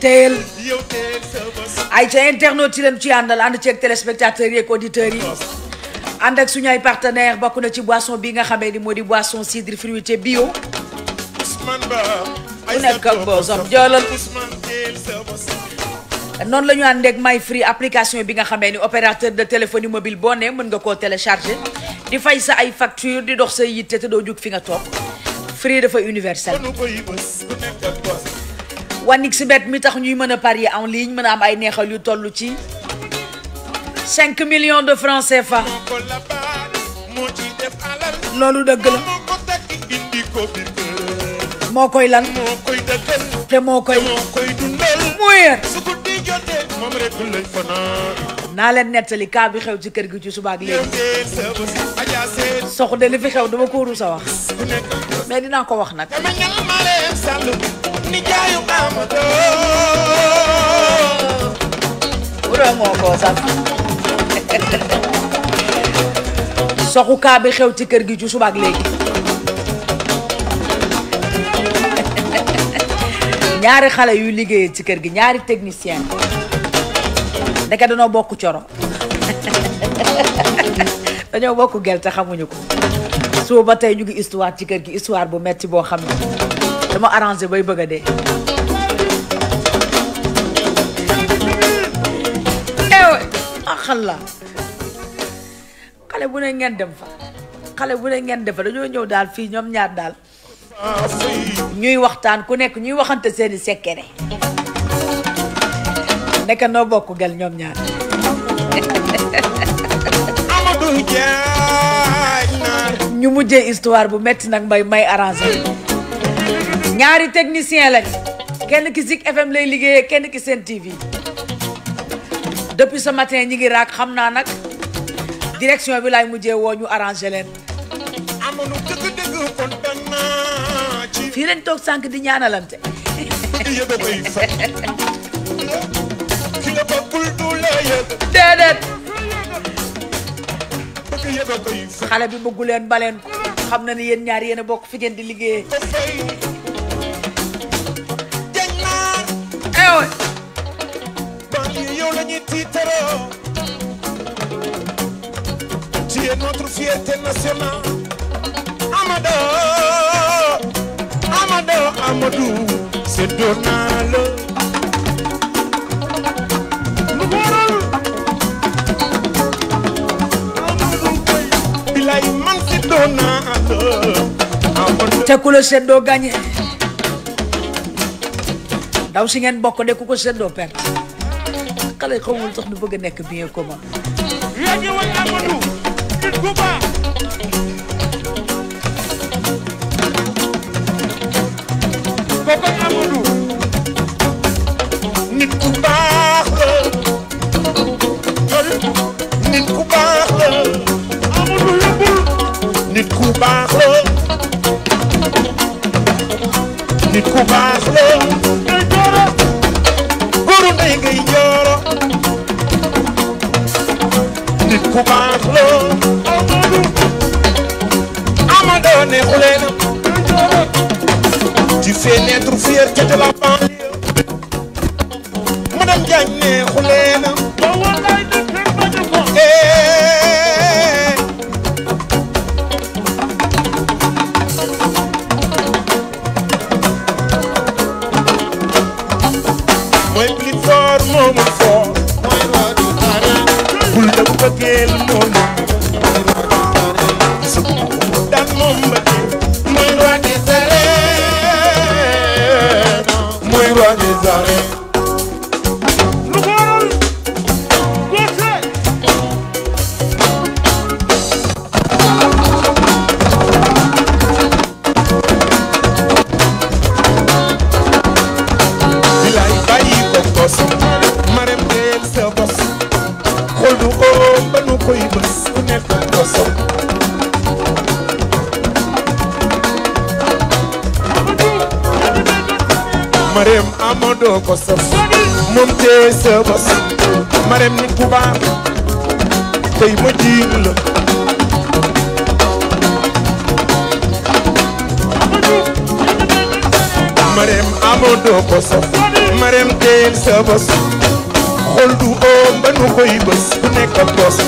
Tel. ay ca internautes yi leen ci àndal ànd ceeg téléspectateurs yeeg auditeurs yi ànd ak suñu ay partenaire bokk na ci boisson bi nga xamee ni moo di boisson cidre fruité bio ku nekk bosom joolal noonu la ñu àndeeg My Free application bi nga xamee ni opérateur de téléphonie mobile boo ne mën nga koo téléchargé di fay sa ay facture di dox sa yitte te doo jug fi nga toog Free dafa universel si xbet mi tax ñuy mën a parier en ligne mën a am ay neexal yu tollu ci million de francs CFA loolu dëgg la moo koy lan te moo koy mu yër naa leen nettali kaa bi xew ci kër gi ci suba ak léegi de li fi xew dama ko rusa wax mais dinaa ko wax nag nijaayu Amadou. wura moo ko sax. soxu kaa bi xew ci kër gi ju subaak léegi. ñaari xale yu liggéeyee ci kër gi ñaari technicien ndeke dañoo bokk coro dañoo bokk gel te xamuñu ko. soo ba tey ñu ngi histoire ci kër gi histoire bu metti boo xam ne. dama arrangé bay bëgg a dee. Eh, ah, xala xale bu ne ngeen dem fa xale bu ne ngeen dem fa dañoo ñëw daal fii ñoom ñaar daal ñuy waxtaan ku nekk ñuy waxante seeni sekkere nekk noo bokk gel ñoom ñaar ñu mujjee histoire bu metti nag mbay may arrangé ñaari technicien lañ kenn ki Zik FM lay liggéeyee kenn ki Sen TV depuis ce matin ñi ngi raak xam naa nag direction bi laay mujjee woo ñu arrangé leen fii lañ toog sànq di ñaanalante déedéet xale bi bëggu leen baleen ko xam na ni yéen ñaar yéen bokk fi ngeen di liggéeyee yow banlieue yow la ñuy tiitaroo tu es notre fierté nationale Amadou Amadou Amadou séddoo naa la te ku la seddoo ndaw si ngeen bokk de ku ko seddoo per xale xamul sax du bëgg a nekk bien commun léegi way Amadou nit ku baax kooku Amadou nit ku baax nit ku baax la Amadou yëppul nit ku baax nit ku baax la tey ngay jooro nit ku baax loo Amadou neexulee na tu fais naître fierté de la banlieue madame Diagne neexulee na eh. moment for doo ko sëf moom tee sa bos marem ni tubaab tey ma jiin la marem amoo doo ko sëf sa bos xol du oom ba nu koy bës ku nekk bos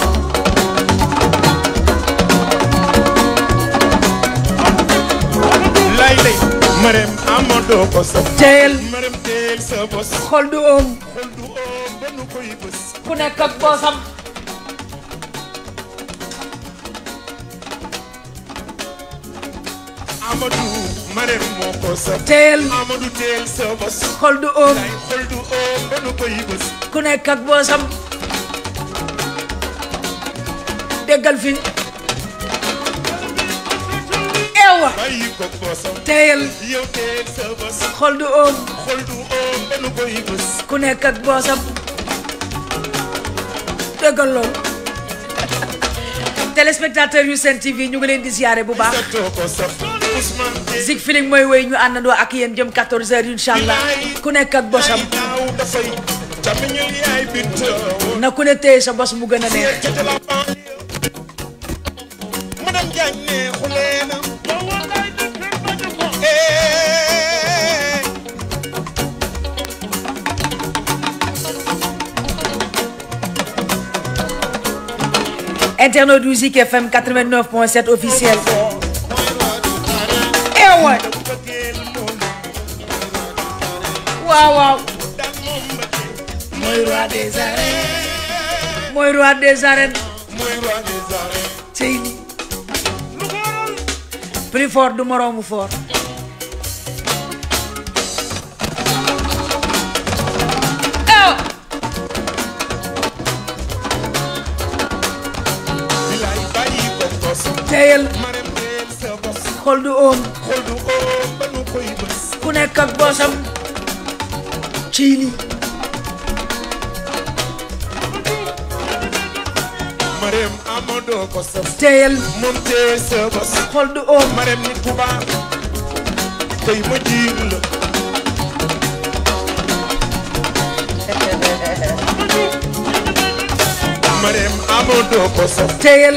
ak sa bos. xol du oom. xol du oom ba nu koy bës. ku nekk ak bosam. Amadou Marème moo ko sa. teel Amadou teel sa bos. xol du oom. xol du oom ba nu koy bës. ku nekk ak bosam. déggal fi. ewa. bàyyi ko bosam. teel. yow teel sa bos. xol du oom. xol du dañu koy bës ku nekk ak boosam dëggal loolu téléspectateur yu Sen TV ñu ngi leen di ziare bu baax Zik Feeling mooy wéy ñu àndandoo ak yéen jëm 14h incha allah ku nekk ak bosam na ku ne téye sa bos mu gën a neex. internaute yu Zik FM 89.7 officiel. eh waay. waaw waaw. mooy roi des arènes. mooy roi des arènes. prix fort du moroomu fort. teeyal xol du oom ku nekk ak boosam ciy li teeyal xol du oom tey ma jiir la Marème amoo doo ko sof teeyal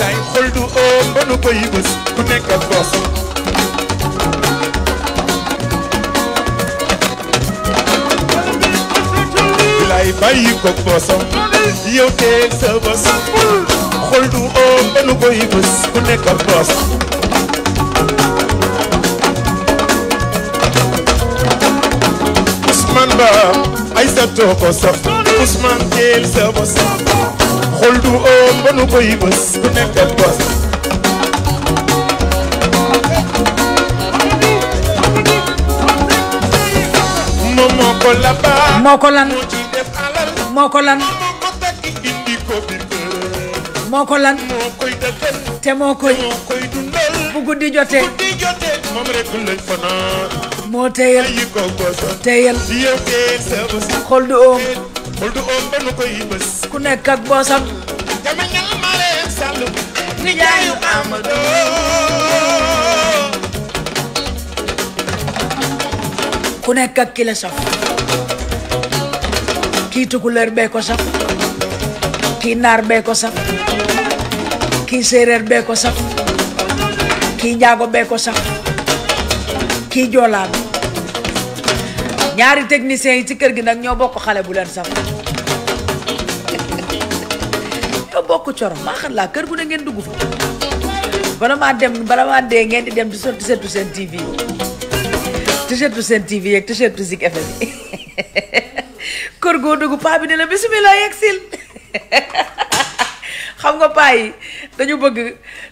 billaay xol du oom ba nu koy bës ku nekk ak boosam billaay bàyyi ko boosam yow teel sa bës xol ku nekk Ba ay sa too ko saf Ousmane teel sa xol du oom ba nu koy bës ku nekk la te moo bu guddi jotee moom teyel xol du oom xol nu koy bës ku nekk ak boosam dama ñal ma leen ak ki la saf bee ko saf kii naar bee ko saf kii séeréer bee ko saf kii njaago bee ko saf kii joolaa ñaari technicien yi ci kër gi nak ñoo bokk xalé bu len sax ñoo bokk cior ma xat la kër gu ne ngeen dugg fa bala ma dem bala ma dee ngeen di dem di sotti seetu sen TV t-shirtu sen TV ak t-shirtu Zik FM kër go dugg pa bi ne la bismillah yegg sil xam nga pa yi dañu bëgg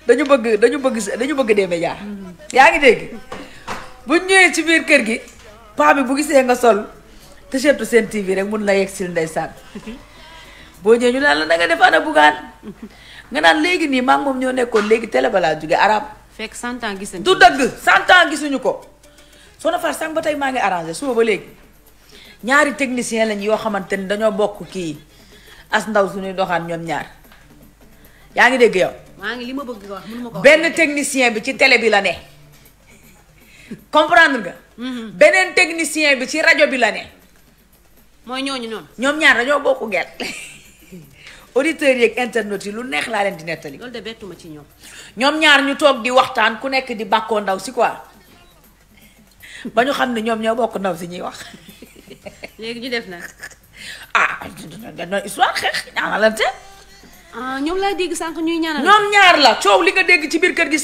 dañu bëgg dañu bëgg dañu bëgg des médias mm-hmm. yaa ngi dégg buñ ñëwee ci biir kër gi paa bi bu gisee nga sol t-shirt seen TV rek mun la yegg sil ndeysaan boo ñëwee ñu naan la nga def ana bugaan nga naan léegi nii maa moom ñoo nekkoon léegi télé balaa jóge arab fekk cent ans gisuñu du dëgg cent ans gisuñu ko Soxna Fatou sànq ba tey maa ngi arrangé suba ba léegi ñaari technicien lañ yoo xamante ni dañoo bokk kii as ndaw su suñuy doxaat ñoom ñaar yaa ngi dégg yow. maa ngi li ma bëgg wax mënu ma ko benn technicien bi ci tele bi la ne. comprendre nga. Mhm. beneen technicien bi ci rajo bi la ne. mooy ñooñu noonu. ñoom ñaar dañoo bokk gerte. auditeurs yeeg internet yi lu neex laa leen di nettali. loolu de bettuma ci ñoom. ñoom ñaar ñu toog di waxtaan ku nekk di bàkkoo ndaw si quoi ba ñu xam ne ñoom ñoo bokk ndaw si ñuy wax. léegi ñu def na ah dina dina histoire xeex ñaanalante. ah ne vais sank ñuy ñaanal. ñaar la li nga ci biir kër gi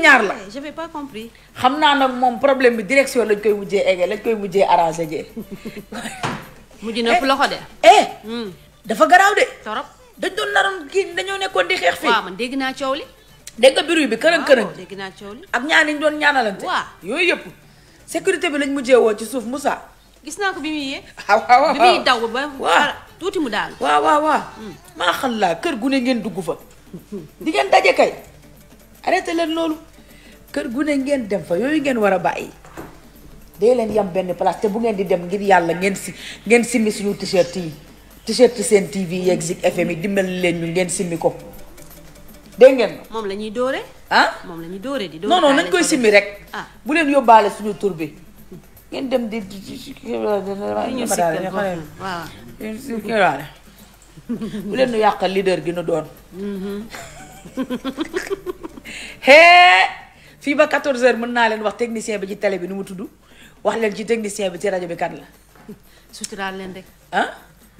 ñaar la. Eh, je n'ai pas compris. xam naa nag problème bi direction lañ koy mujjee lañ koy mujjee arrangé na loxo de. eh, eh hmm. dafa garaaw de. torop dañ doon naroon kii dañoo nekkoon di xeex fi. waaw man dégg li. bi li ak ñu doon ñaanalante. sécurité bi lañ ci gis naa ko bi muy yee. waaw waaw bi muy daw ba. waaw tuuti mu daal. waa waa waa hmm. maa laa kër gu ne ngeen dugg fa. di ngeen daje kay. arrêté leen loolu. kër gu ne ngeen dem fa yooyu ngeen war a bàyyi. dee leen yam benn place te bu ngeen di dem ngir yàlla ngeen si ngeen simmi suñu t-shirt yi t-shirt seen TV yeeg Zik FM yi dimbali leen ñu ngeen simmi ko. dégg ngeen moom la ñuy dóore. ah moom la ñuy dóore di. dóore non non nañ koy simmi rek. Ah. bu leen yóbbaale suñu tur ngeen dem di di kéwéer ñu sikkal ko waaw ñu leen nu yàqal leader gi nu doon hee fii ba 14 heures mën naa leen wax technicien bi ci tele bi nu mu tudd wax leen ci technicien bi ci rajo bi kat la suturaal leen rek ah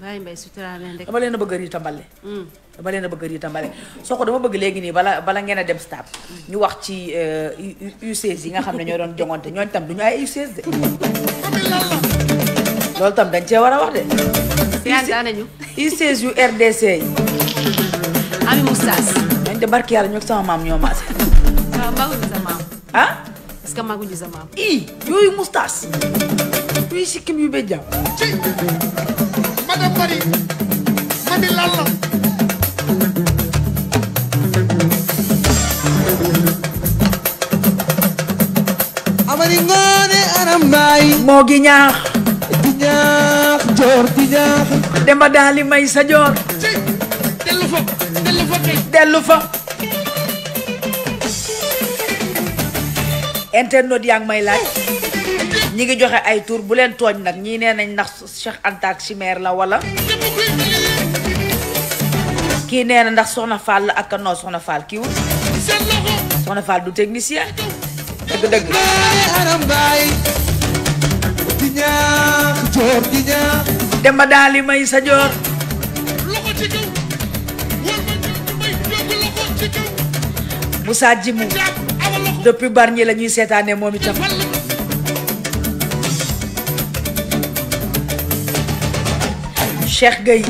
bàyyi mbay suturaal leen rek dama leen a bëgg a riita mballe dama leen bëgg a riitambale soko dama bëgg légui ni bala bala ngeena dem stade ñu wax ci U16 euh, yi nga xam ñoo doon jongonté ñoo tam duñu ay U16 de tam dañ ci wara wax de U16 yu RDC yi ami moustas dañ de barki yalla ñok sama mam ñoo maase maguñu sa maam ah est-ce que maguñu sa maam i yooyu moustas yuy sikkim yu béjjam ci madame Marie ma mo ginyak Ginyak, ñaax jor di ñaax dema may sa jor delu fa delu fa yang may laaj ñi ke joxe ay tour bu leen togn nak ñi neenañ nak cheikh Antak ak chimère la wala ki neena ndax soxna fall la ak no soxna fall ki wut soxna fall du technicien deug deug di ñaax joor di ñaax may sa joor loxo ci depuis Bargny la seetaane moom itam Cheikh Gueye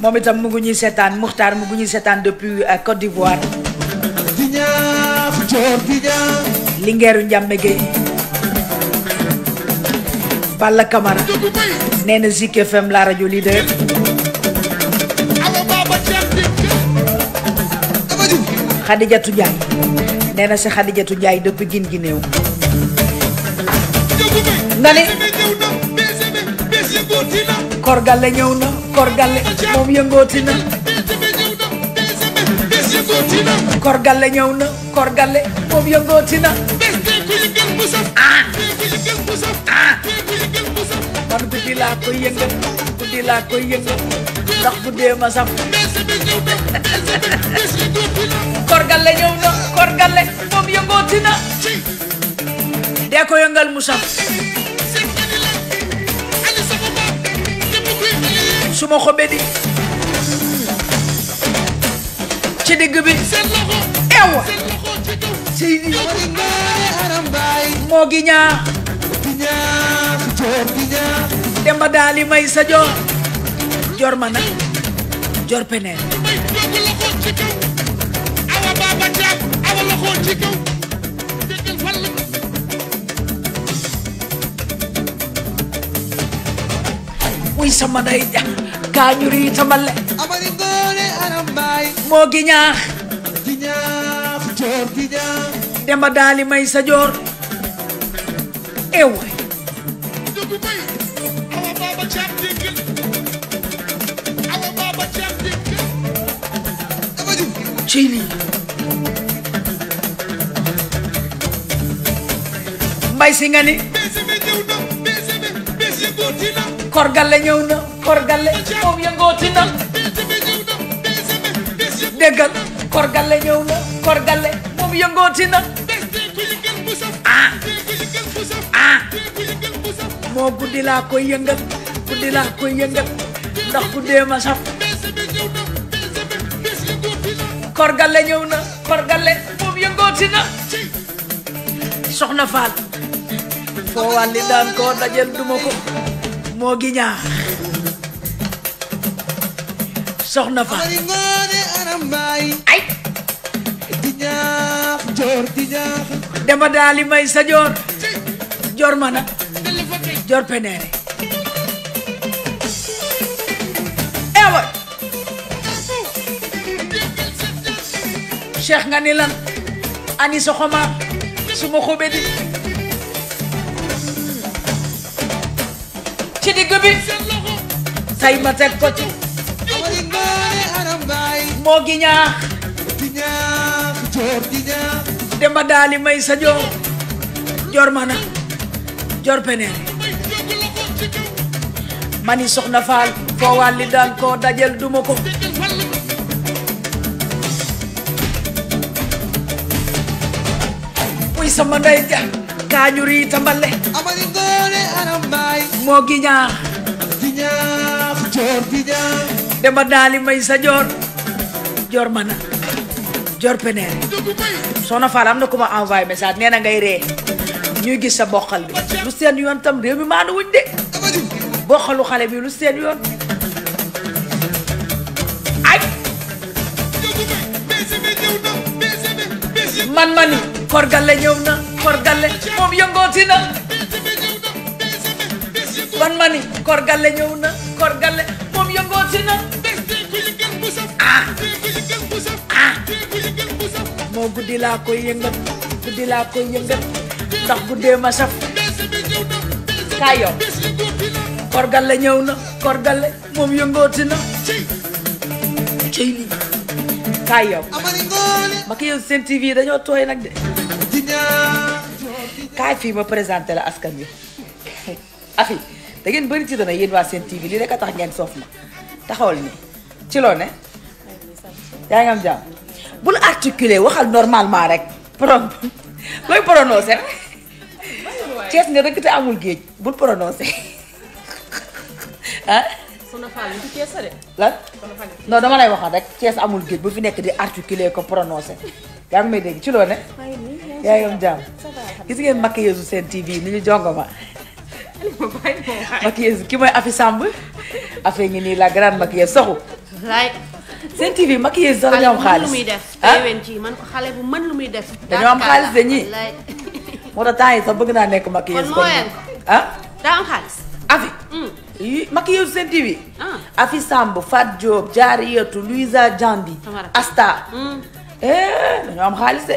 moom itam mu ngi ñuy seetaan Muxtaar mu seetaan depuis euh, Côte d'Ivoire Linguère Ndiamé Gueye Balla Camara nee na Zik FM la rajo leader Xadijatu Njaay nee na si Xadijatu Njaay dëpp gin gi néew nga ne korgale ñëw na korgale moom yëngooti na korgale ñëw na korgale moom yëngooti na ah ah man guddi laa koy yëngal guddi laa koy yëngal ndax guddee ma saf korgale ñëw na korgale moom yëngooti na dee ko yëngal mu saf su ma di ci digg bi ewa seydi moo gi ñaa jadinya Demba dali may sa jor Jor mana Jor penel Uy sa manay Kanyuri sa mali Amalingone anambay Mo ginyak Ginyak Jor ginyak Demba dali may sa jor Ewan cey mbay si nga ni korgale ñëw na korgale moom yëngooti na déggal korgale ñëw na korgale moom yëngooti na ah. Ah. moo guddi laa koy yëngal guddi laa koy yëngal ndax guddee ma Korgale ñëw na Korgale moom yëngooti na soxna Fall foo wàlli daan koo dajel duma ko moo gi ñaax soxna Fall ay di ñaax joor di daali may sa joor joor mana joor peneere Sheikh nga nilang lan ani soxoma suma xobedi ci digg bi tay matek ko ci Mogi niya. ñaax demba daali may sa joor Jor mana Jor peneer mani soxna faal Kowali dan ko dajel duma ko sama ndey ja kaañu riita mbale moo gi ñaax di ñaax joor di ñaax dema may sa joor joor mana joor peneer am na ku ma envoyé message nee na ngay ree ñuy gis sa boqal bi lu seen yoon tam réew mi maanu wuñ de boqalu xale bi lu seen yoon ay man mani Korgale ñëw na Korgale moom yëngooti na wan ma ñëw na Korgale moom yëngooti na ah, ah. guddi laa koy yëngat guddi laa koy yëngat ndax guddee ma saf Korgale ñëw na Korgale moom yëngooti na cey lii kayo ma ko TV dañoo tooy nag de kaay fii ma présenté la askan wi afi da ngeen bëri ci dana yéen waa seen TV lii rek tax ngeen soof ma taxawal ni ci loo ne yaa ngi am jàmm bul articuler waxal normalement rek pron looy prononcé Cees nga dëkk te amul géej bul prononcé ah lan non dama lay waxal rek Cees amul géej bu fi nekk di articuler ko prononcé yaa ngi may dégg ci loo yaa ngi am jàmm gis ngeen maquilleuse seen TV ni ñu jongoma maquilleuse ki mooy Afi Samb affaire nii la grande maquilleuse soxu. seen TV maquilleuse sax dañoo am xaalis ah? xale lu muy def dañoo am moo tax temps yi bëgg naa nekk maquilleuse kon ah daa xaalis Afi mm. yi TV ah. Afi Samb Fat Diop Jaariyatu Louisa Jambi Asta mm. dañoo eh, am xaalis de.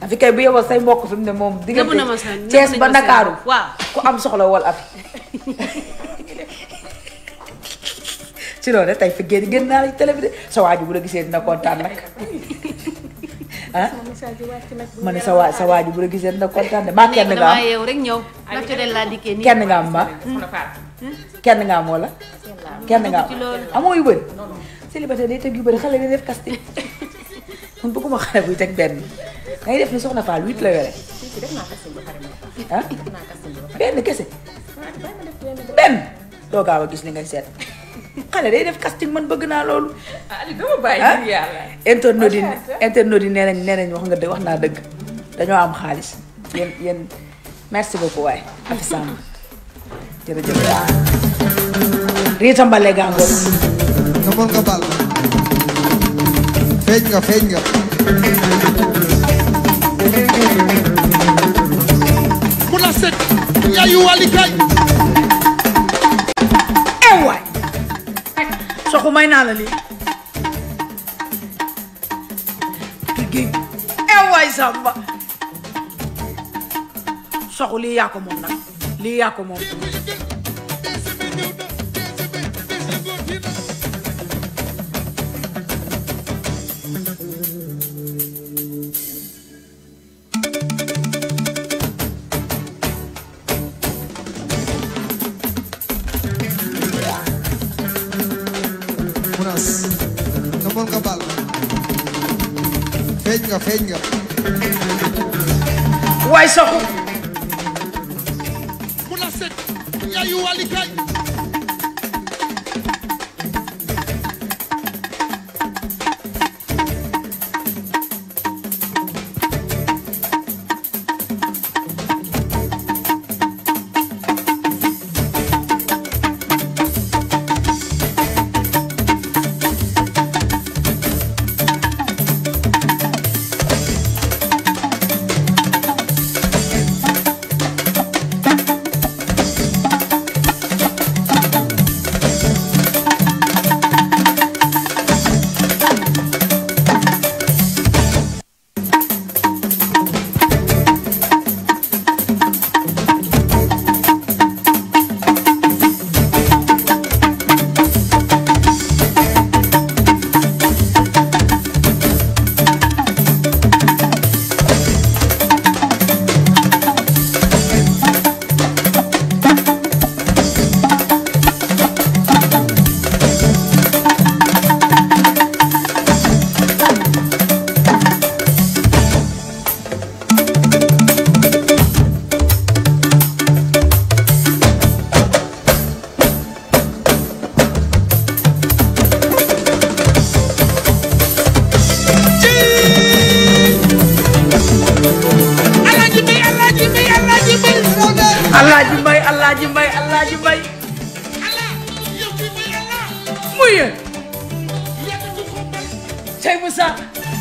afi kay bu yeboo say mbokk fi ne moom. diggante Cees ba Ndakaaru waaw ku am soxla wal afi ci loolu rek tey fi génn génn naa la sa waaju bu la gisee dina kontaan nag ah ma ne sa bu la gisee dina kontaan de maa kenn nga am yow kenn nga am ma hmm? kenn nga am wala yu bëri célibataire day teg yu bëri xale day def casting man bëgguma xale buy teg benn dangay def ni soxna Fall huit la yore. benn kese benn doo gaaw a gis li ngay seet xale day def casting man bëgg naa loolu. ah li dama bàyyi ngir wax nga dëgg wax naa dëgg dañoo am xaalis yéen yéen merci beaucoup waay Afi Samb jërëjëf. Rita Mbale nga mën feeñ nga feeñ nga mu la set yaayu wàlli kaay eh waay soxu may naa la lii eh, géej feeñ nga waay saxu mu la set yaayu walikaay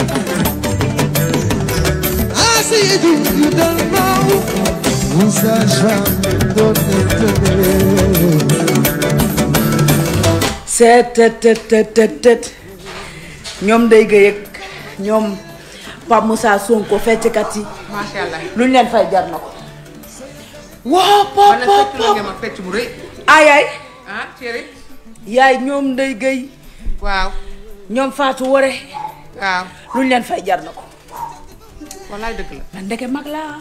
I see you, you don't know Set, tet, tet, tet, tet, ñoom day gëy ak ñoom Pape Moussa Sonko fecckat yi macha lu ñu leen fay jar ko waa pop pop fecc bu rëy ayaay ah chéri yaay ñoom nday gëy ñoom Fatou Wore waaw leen fay jar na ko. man ndeke mag laa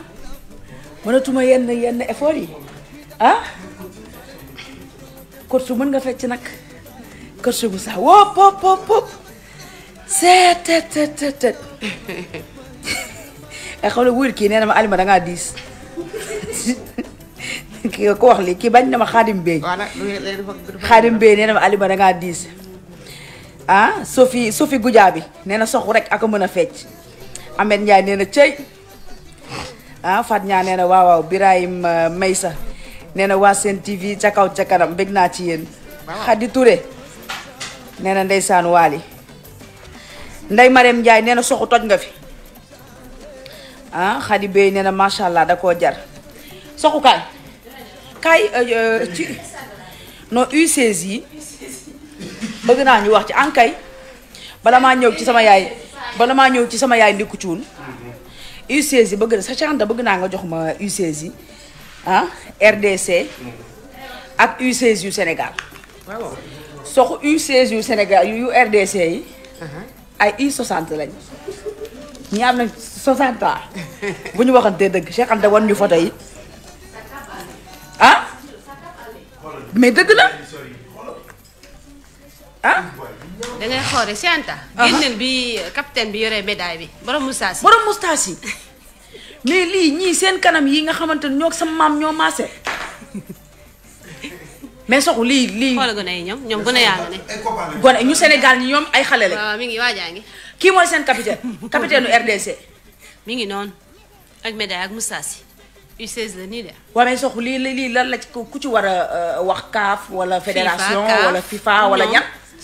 mënatuma yenn yenn effort yi ah. korsu mën nga fecc nag korsu bu sax wóop wóop wóop wóop seet teet teet teet teet kii nee na ma Alima da ngaa diis ki wax lii kii bañ na ma xaadim bey. xaadim bey nee na ma Alima da diis. ah Sophie Sophie Goudiaby nee na soxu rek ak a mën a fecc Ahmed Ndiaye nee cëy ah Fat Niang nee na waaw waaw Birahim uh, Maysa nee na waa seen TV ca kaw ca kanam bég naa ci yéen. Khady Touré nee na ndeysaan waali Ndey Marème Ndiaye nee na soxu toj nga fi ah Khady Bey nee na macha allah da koo jar soxu kaay kaay euh, euh, ci non U16 yi. bëgg naa ñu wax ci ankay bala maa ñëw ci sama yaay bala maa ñëw ci sama yaay ndikku cuun UCG bëgg na sa canta bëgg naa nga jox ma UCG ah RDC ak UCG yu Sénégal waaw U16 yu Sénégal yu RDC yi. Uh-huh. ay U60 lañ ñi am nañ 60 bu ñu waxantee dëgg Cheikh Anta wan ñu photo yi ah mais dëgg la. ah. da ngay xoore si Anta. génneel bi capitaine bi yere médaille bi borom moustache yi. borom moustache mais lii ñii seen kanam yi nga xamante ne ñoo sa maam ñoo maase. mais soxu lii lii. xoolal gone yi ñoom ñoom gone yaa ngi ne. gone ñu Sénégal ñi ñoom ay xale lañ. waaw mi ngi waajaa ngi. kii mooy seen capitaine. capitaine nu RDC. mi ngi noonu ak médaille ak moustache yi U16 la nii de. waaw mais soxu lii lii lan la ku ci war a euh, wax CAF wala. fédération wala FIFA wala ña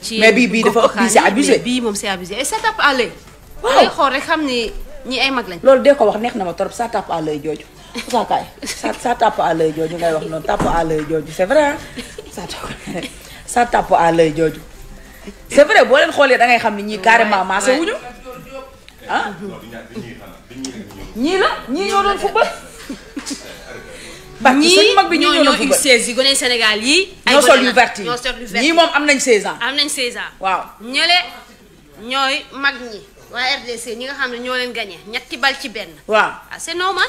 ci euh, mais bii bii dafa ëpp bii bii moom c'est abusé et ça tape à l'œil. waaw xool rek xam ni ñii ay mag lañ. loolu de ko wax neex na ma trop ça tape à l'œil jooju. saa kaay sa sa tape à jooju ngay wax noonu tape à l'œil jooju c'est vrai sa tape à l'œil jooju. c'est boo leen xoolee da ngay xam ni ñii carrément maase wuñu ah ñii la ñii ñoo doon football barki sëñ mag bi ñoo ñoo ñoo U16 gone Sénégal yi. ay gone ñoo sol yu vert ñii moom am nañ 16 am nañ 16 waaw. ñële ñooy mag ñi waa RDC ñi nga xam ne ñoo leen gagné ñetti bal ci benn. waaw ah c'est normal.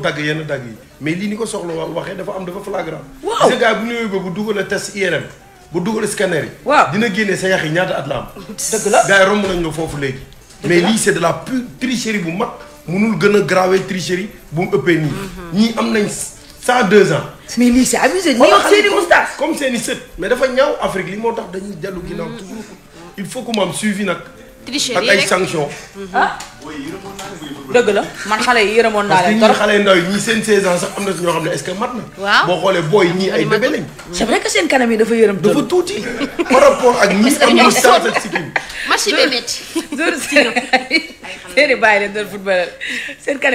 dag yenn dag yi mais lii ni ko soxla waxee dafa am dafa flagrant. waaw gars bu bu test IRM bu scanner yi. dina sa yax yi la gars mais lii c'est de la pure tricherie bu mag mënul gën a tricherie bu mu ëppee nii. Mhm. am nañ deux ans. mais lii c'est abusé comme c'est sët mais dafa ñaaw Afrique li moo tax dañuy mhm. il faut que suivi tricher ak ay sanctions. ah dëgg la man xale yërëmoon naa leen. parce xale ndaw yi ñii seen 16 ans sax am na ay bébé lañ. c'est que seen kanam dafa yërëm. dafa tuuti par seen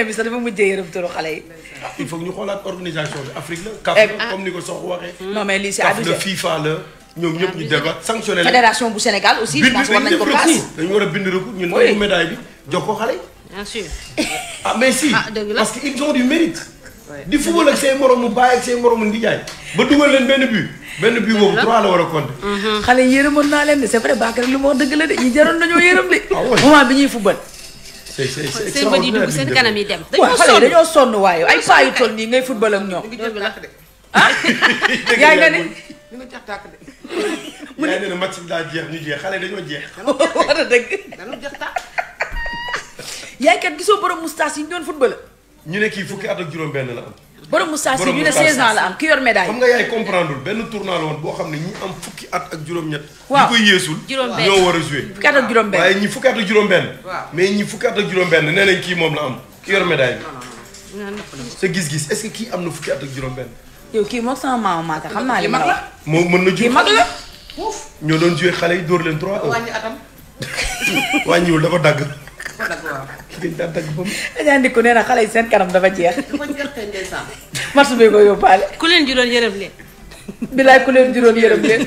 i sax dafa mujjee yërëm xale yi. Ah, il ñu xoolaat organisation bi Afrique la. CAF eh, ah. comme ni ko Sokh waxee. non mais lii c'est la FIFA la. nous ñëpp la fédération du Sénégal aussi. bien sûr. Ah, mais si ah, ils ont du mérite. du football ak ak c'est but. benn but trois la mhm. c'est vrai football. c'est c'est c'est football ñu nga jeex tàkk de. mu ne yaa ngi ne match bi daa jeex ñu jeex xale dañoo jeex. war a dëgg dañoo jeex tàkk. yaay kat gisoo borom moustache yi ñu doon football. ñu ne kii fukki at ak juróom-benn la am. borom moustache yi ñu ne 16 ans la am ki yor médaille. benn tournoi boo xam ne ñi am fukki at ak juróom waaw ñi koy yeesul. juróom-benn war a joué. fukki at juróom-benn waaye ñi fukki at ak juróom-benn. mais ñi kii moom la am ki yor bi. sa gis-gis est-ce kii am na fukki at ak juróom-benn yow kii moom sama maamu maata xam naa li mag la moo mën na jur mag la ñoo doon joué xale yi dóor leen trois heures waa atam wàññiwul dafa dagg dafa dagg waaw dañ daan dagg ba mu dañaa ndikku nee xale yi seen kanam dafa jeex marsu bi ko yóbbaale ku leen juróon yërëm leen bilaay ku leen juróon yërëm leen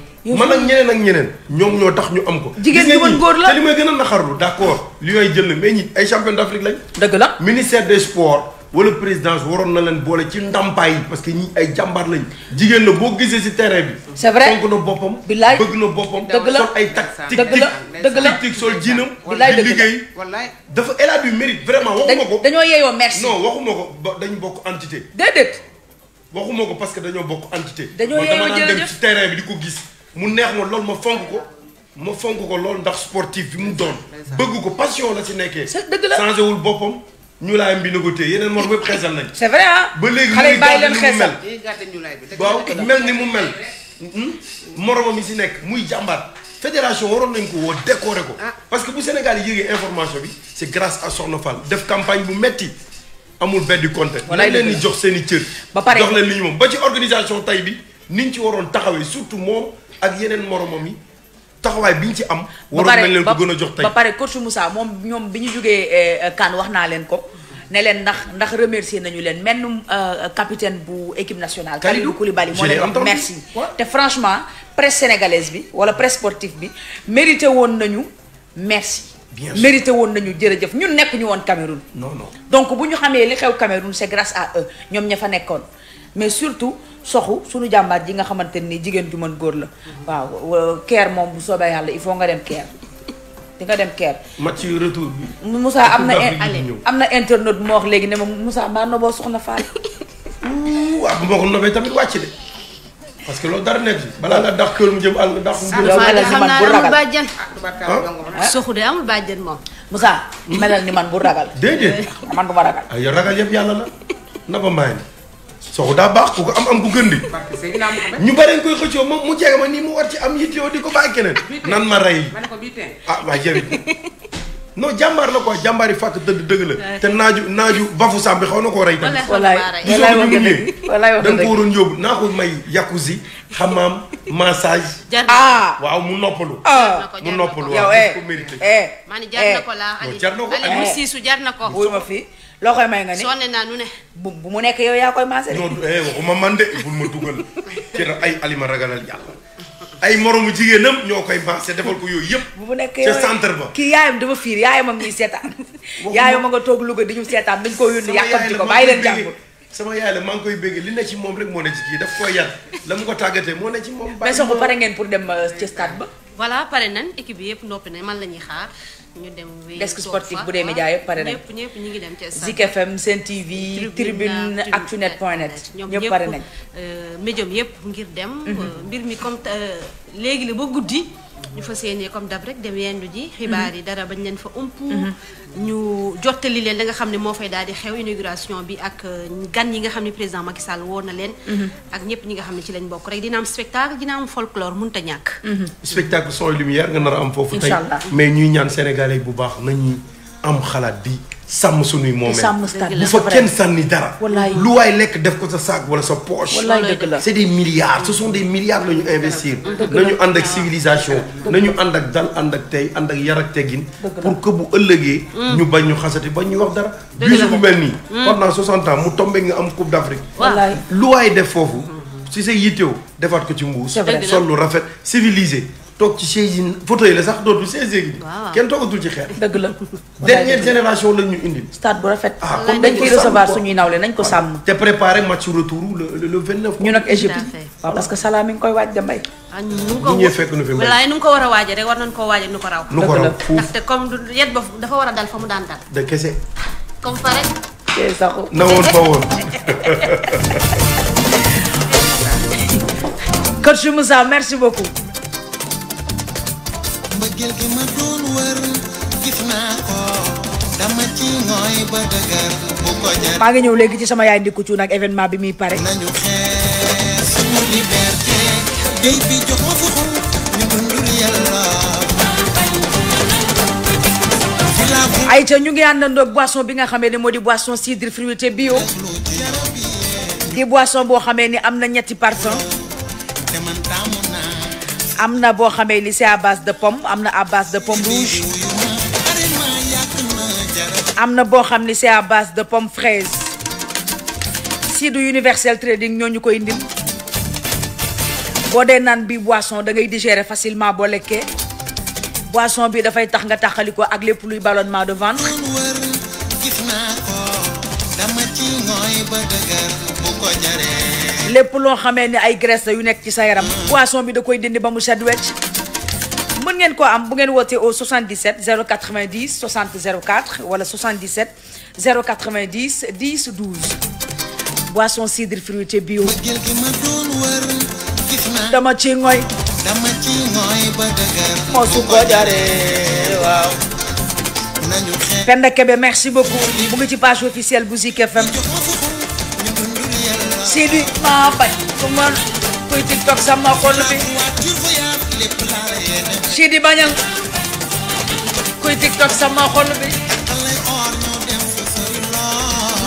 man ak ñeneen ak ñeneen ñoom ñoo tax ñu am ko. jigéen ñi may a d' li jël mais ay champion d' lañ. dëgg la ministère des sports wala présidence waroon na parce que ñi ay jàmbaar lañ jigéen la boo gisee si terrain bi. c' vrai bëgg na sol elle a du mérite vraiment waxuma ko. dañoo merci. non waxuma ko bokk entité. déedéet. parce que dañoo bokk entité. dañoo terrain mu neex mo lool ma fonk ko ma fonk ko lool ndax sportif bi mu doon. bëgg ko passion la ci nekkee. dëgg la changé wul boppam. ñu laay mbi ko téye yeneen mor yëpp xeesal nañ c'est vrai ah ba léegi xale yi bàyyi leen xeesal waaw mel ni mu mel hmm? moromam mi si nekk muy jàmbaar fédération waroon nañ ko woo décorer ko ah. parce que bu Sénégal yi yëgee information bi c'est grâce à Soxna Fall def campagne bu metti amul benn compte nañ leen di jox seen i cër ba pare jox leen li ñu moom ba ci organisation tay bi niñ ci waroon taxawee surtout moom ak yeneen moromam yi taxawaay bi ñu ci am. waroon nañ leen ko gën a jox tey ba pare coach Moussa moom ñoom bi ñu jógee euh, kan wax naa leen ko. ne leen ndax ndax remercier nañu leen menn euh, capitaine bu équipe nationale. Kalidou Koulibaly moo leen wax merci. te franchement presse sénégalaise bi wala presse sportive bi mérité woon nañu merci. bien sûr mérité woon nañu jërëjëf ñu nekk ñu woon Cameroun. non non donc bu ñu xamee li xew Cameroun c'est grâce à eux ñoom ña fa nekkoon. mais surtout soxu suñu jàmbaar ji nga xamanteni ni jigéen ju mën góor la waaw euh, keer mom bu soobee yalla il faut nga dem keer di nga dem keer match yu retour bi Moussa amna amna internet mo wax legui ne ma Moussa no bo soxna fa wa bu ma no nobee tamit wacc de parce que lo dar nekk bala balaa nga dàq kër mu jëm al dakh dàq mu jëm àll xam naa amul ah? soxu de amul bàjjen mom Moussa melal ni man bu ragal dede man bu ragal ay ragal yeb yalla la na ba soxu daa baax ku ko am am ku gën di ñu bari nga koy xëccoo moom mu jege ma nii mu war ci am yittewoo di ko bàyyi keneen ah, yi fàkk dëgg dëgg la te naaju naaju xaw na koo rey tamit wallaay wallaay da nga ko waroon yóbbu naa ko may jacuzzi xamaam massage ah mu noppalu mu noppalu waaw ko jar na ko laa jar na jar na ko loo koy may nga ni sonne naa nu ne. bu bu mu nekk yow yaa koy maase. non eh, waxuma man de bul ma dugal ci ay alima ragalal yàlla ay moromu jigéenam ñoo koy maase defal ko yooyu yëpp. bu mu nekk yow ca centre ba. kii yaayam dafa fiir yaayamam ñuy ma nga toog Louga di seetaan dañ ko yónni yàqamti ko bàyyi leen jàmbur. sama yaay la maa koy bégg li ne ci moom rek moo ne ci kii daf koy yar la mu ko tàggatee moo ne ci moom. bàyyi mais soxna pare ngeen pour dem euh, ci stade ba. voilà pare nañ équipe bi yëpp noppi na man la ñuy xaar ñu dem desk sportif bu dee média yëpp pare nañ ñëpp ñu ngi dem ci Zik FM Sen TV tribune actunet point net ñëpp pare nañ euh, médium yëpp ngir dem mhm. euh, mbir mi comme euh, léegi la ba guddi ñu fas yéenee comme dab rek dem yendu ji. Mhm. xibaar yi dara bañ leen fa ump. Mhm. ñu jottali leen li nga xam ne moo fay daal di xew inauguration bi ak euh, gan yi nga xam ne président Macky Sall woo na leen. Mhm. ak ñëpp ñi nga xam ne ci lañ bokk rek dina am spectacle dina am folklore mënut a ñàkk. spectacle son lumière nga nar a am foofu. tey mais ñuy ñaan sénégalais bu baax nañu am xalaat di. ça me bu fa kenn dara. louay lek def ko sa sac wala sa poche. c'est des milliards ce sont des milliards lañu investir. nañu and ak ah. civilisation. nañu and ak dal and ak tey and ak yar pour que bu hmm. ñu bañ dara. bu hmm. pendant 60 ans mu tombé nga am Coupe d'Afrique. louay def hmm. si defaat ko ci rafet civilisé. toog ci chaise yi fauteuil la sax dootul chaise yeegi. waaw kenn toogatul ci xeer. dëgg la. dernière génération lañ ñu indil. stade bu rafet. ah kon dañ koy recevoir suñuy nawle nañ ko sàmm. te préparer match retour le le vingt neuf. ñu nag Égypte waaw parce que Salah mi ngi koy waaj Mbaye. ah ñu ngi ko fekk nu fi mbay. walaay nu ko war a waajee rek war nañu koo waajee nu ko raw. nu ko raw ndaxte comme yet ba dafa war a dal fa mu daan dal. de kese. comme pare. kese sax na woon fa woon. coach Moussa merci beaucoup. Pagi gi ma ci sama yaay ndikku cuun nak événement bi mi paré nañu xeer suñu liberté bi jox ma ñu ngi boisson bi nga xamee ne moo boisson cidre fruité bio di boisson boo xamee ni am na ñetti parfum am na boo xamee li c'est à base de pomme am na à base de pomme am na boo xam ni c'est à base de pomme fraise si du universal trading ñoo ñu koy indil boo dee naan bi boisson da ngay digérer facilement boo lekkee boisson bi dafay tax nga taxali ko ak lépp luy ballonnement de ventre Les lo xamé à ay graisse la yu nek ci sa yaram poisson bi da koy dindi ba mu set mën ngeen ko am bu ngeen woté au 77 090 60 04 wala 77 090 10 12 boisson cidre fruité bio dama ci ngoy dama ci ngoy ba dëgër mosu ko jaree waaw Penda merci beaucoup mu ngi ci page officielle bu FM Sini mabay. Kumar, kuitik kuy tiktok sama aku lebih. Sini banyang. kuy tiktok sama aku lebih.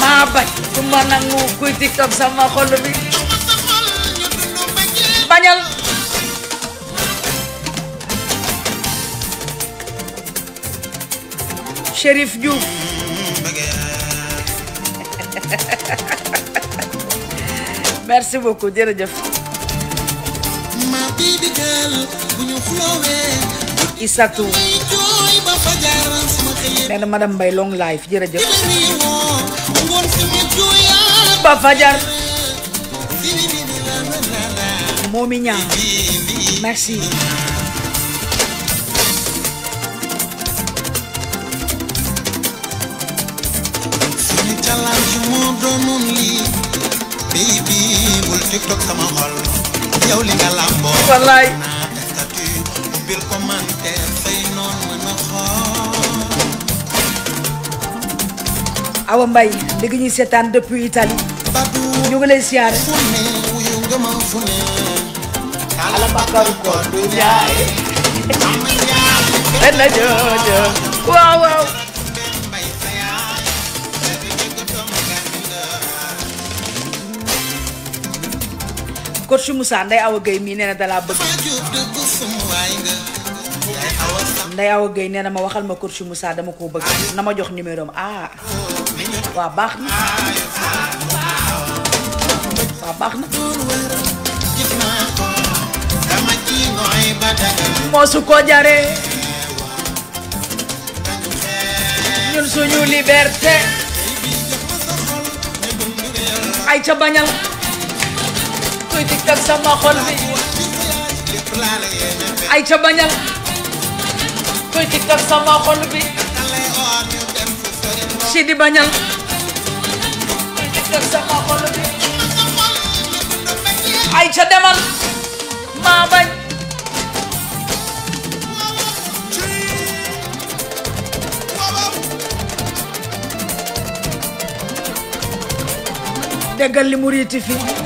Mabay. Kumar nang ma kuy tiktok sama aku lebih. ha Sheriff ha. merci beaucoup jërëjëf. Isatou. Isatu. madame long life Ba Fajar. Momi merci baby bul tiktok sama xol yow li nga lambo wallahi bil commentaire non xol awa mbay deug ñi sétane depuis ñu ngi lay ala ko du ben la jojo coach Moussa nday awa gay mi neena dala bëgg nday awa gay neena ma waxal ma coach musa dama ko bëgg nama jox numéro ah wa bax na wa bax na su ko jare ñun suñu liberté ay ca bañal koy tik tak sama xol bi ay ca bañal koy tik tak sama xol bi ci di bañal koy tik tak sama xol bi ay ca demal maa bañ déggal li mu riiti fii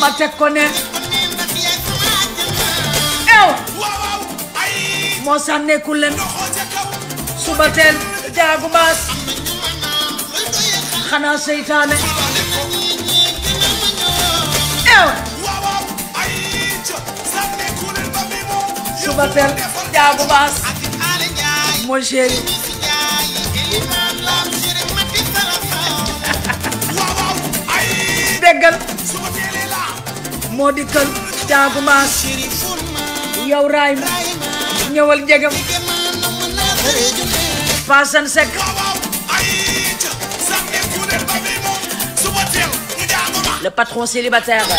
ma teg ko ne ew moo sànneeku leen suba teel jaagu baas xanaa seytaane ew suba teel jaagu baas mooy chéri déggal moo di kër caagu maas yow raay ma ñëwal jegam paasan sekk le patron célibataire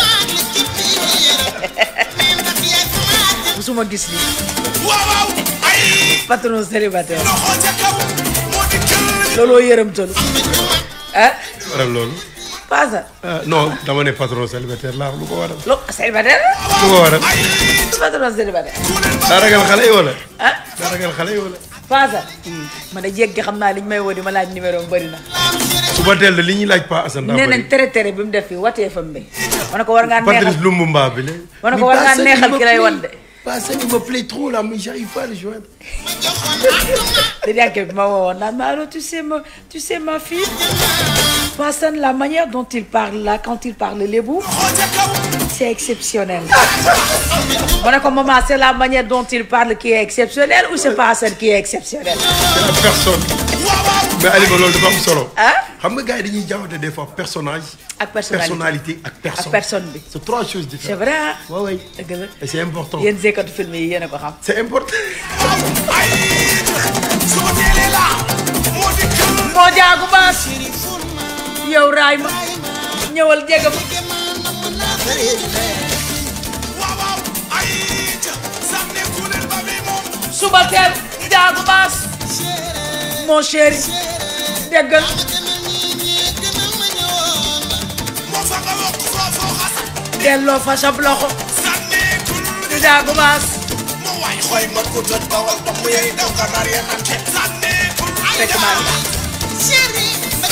musuma gis li patron célibataire looloo yërëmtalu ah eh? waral loolu pasa non dama ne patron célibataire laa lu ko waral. lu célibataire lu ko waral. patron célibataire. daa ragal xale yi wala. ah daa ragal xale yi wala. pasa man a jéggi xam naa liñ may woo di ma laaj numéro am bëri na. suba teel li ñuy laaj Pa Assane. daa bëri nee nañ tere tere bi mu def fii watee fam bi. wana ko war ngaa neexal Patrice Lumumba bi la. wana ko war ngaa neexal ki lay wan de. Parce qu'il il me plaît trop là, mais j'arrive pas à le joindre. C'est-à-dire que on tu sais, ma, tu sais ma fille. la manière dont il parle là, quand il parle les bouts, c'est exceptionnel. On a c'est la manière dont il parle qui est exceptionnelle ou c'est pas celle qui est exceptionnelle C'est la Personne. mais Alima loolu dafa am solo. xam nga gars yi dañuy jawwate des fois personnage. ak personnalité ak personne ak personne bi. c'est trois choses différentes. c'est vrai ah. waaw waay dëgg la et c'est important. yéen seekatu film yi yéen a ko xam. c'est important. moo jaagu baas yow raay ma ñëwal jege ma. suba teel jaagu baas. mon chéri déggal delloo fa sab loxo aku, daagu maas fekk maa ngi chéri ba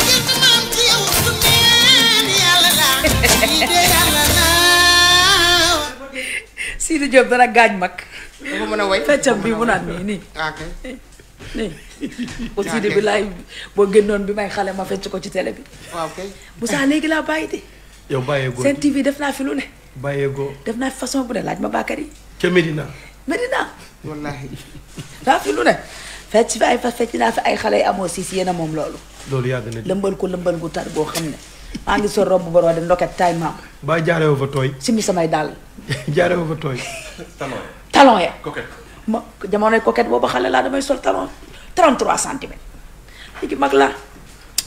kenn du maam ci aussi de bi laay boo génnoon bi may xale ma fecc ko ci télé bi. waaw kay Moussa léegi laa bàyyi de. yow bàyyeegoo TV def naa fi lu ne. bàyyeegoo def naa façon bu ne laaj ma Bakary. ca Medina. Medina. wallaahi. daa fi lu ne. fecc fi ay fecc naa fi ay xale yi amoo siis yéen moom loolu. loolu yàgg na lëmbal ko lëmbal gu boo xam ne. maa ngi sol robe bu de ndoket taay maam. ba jaaree fa tooy. simi samay dàll. jaaree fa tooy. talon talon ya. ma jamonoy coquette boobu xale laa damay sol talon 33 centimètres ki mag la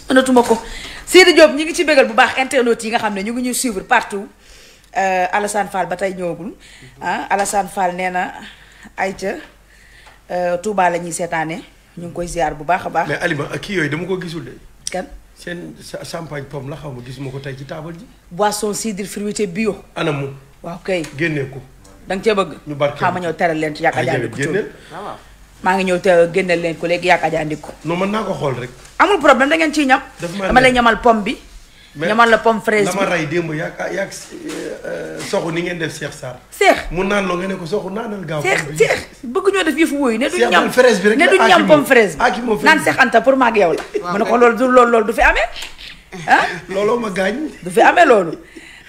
mënatuma ko Sidi Diop ñu ngi ci bégal bu baax internautes yi nga xam ne ñu ngi ñuy suivre partout euh, Alassane Fall ba tey ñëwagul ah Alassane Fall nee na ayca euh, Touba la ñuy seetaane ñu ngi koy ziar bu baax a baax. mais Alima kii yooyu dama ko gisul de. kan seen champagne pomme la xaw ma gisuma ko tey ci taabal ji. boisson cidre fruité bio. anamu. waaw kay génne ko. da nga cee bëgg. ñu barkeel xaaral leen maa ngi ñëw te génneel leen ko léegi yàgg ajandiku. non mën ko xool rek. amul problème da ngeen ciy ñam. dama lay ñamal pomme bi. ñamal euh, ni ngeen def Cheikh Sarr. Cheikh mu naan loo nga ne ko soxu naanal gaaw. Cheikh Cheikh bëgg ñoo def yëfu wóoyu ne duñ ñam fraise bi rek ne duñ ñam pomme fraise bi naan Cheikh Anta pour maag yow la. mu ne ko loolu loolu loolu du fi amee ah. ma gaañ. du fi amee loolu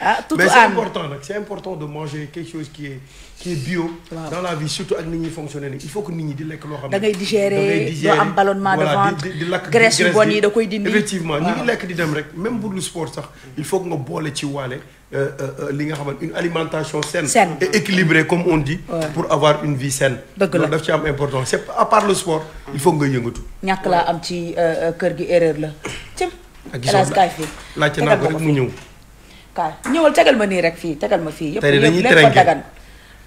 ah tout mais c'est important c'est important de manger quelque chose qui est qui est bio. Wow. dans la vie surtout ak nit fonctionner il faut que nit ñi di lekk loo xam ne. digérer doo am ballonnement de ventre graisse yu bon yi da koy effectivement ñu ngi lekk di dem rek même pour le sport ça, il faut que nga boole ci waale euh, euh, euh, li nga une alimentation saine. saine et équilibrée comme on dit. Ouais. pour avoir une vie saine. donc la daf ci am important c'est à part le sport. il faut nga yëngatu. ñàkk la am ci kër gi erreur la. cim. la, gisoo la, naa ko rek mu ñëw. kaay ñëwal tegal ma nii rek fii tegal ma fi. tey dañuy trinqué lépp dagan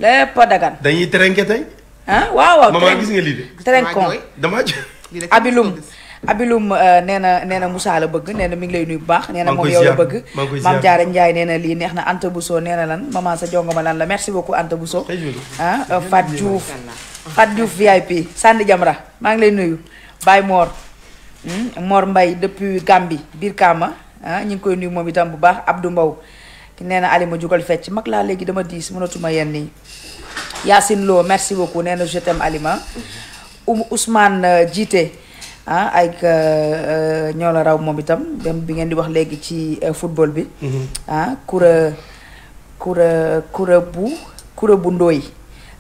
lépp dagan. dañuy trinqué tey. ah waaw waaw maman gis nga lii de. trenkon damaa jooy abilum abilum euh, nee na Musa na Moussa la bëgg nee na mi ngi lay nuyu bu baax. nee na moom yow la bëgg maam Diarra Ndiaye nee na neex na Anta Bousso nee lan maman sa jongoma lan la merci beaucoup Anta Bousso. ah euh, Fat Diouf Fat Diouf VIP Sandi Jamra maa ngi lay nuyu Baye Mor hmm, Mor Mbaye depuis Gambie biir ah ñu ngi koy nuyu moom itam bu baax Abdou Mbow nee na Alima jugal fecc mag laa léegi dama diis mënatuma yenn yi Yacine Lo merci beaucoup nee na je t'aime Alima um Ousmane euh, Jiite ah ay euh, euh, ñoo la raw moom itam dem bi ngeen di wax léegi ci football bi mhm. ah kure kura kura bu kura bu ndooy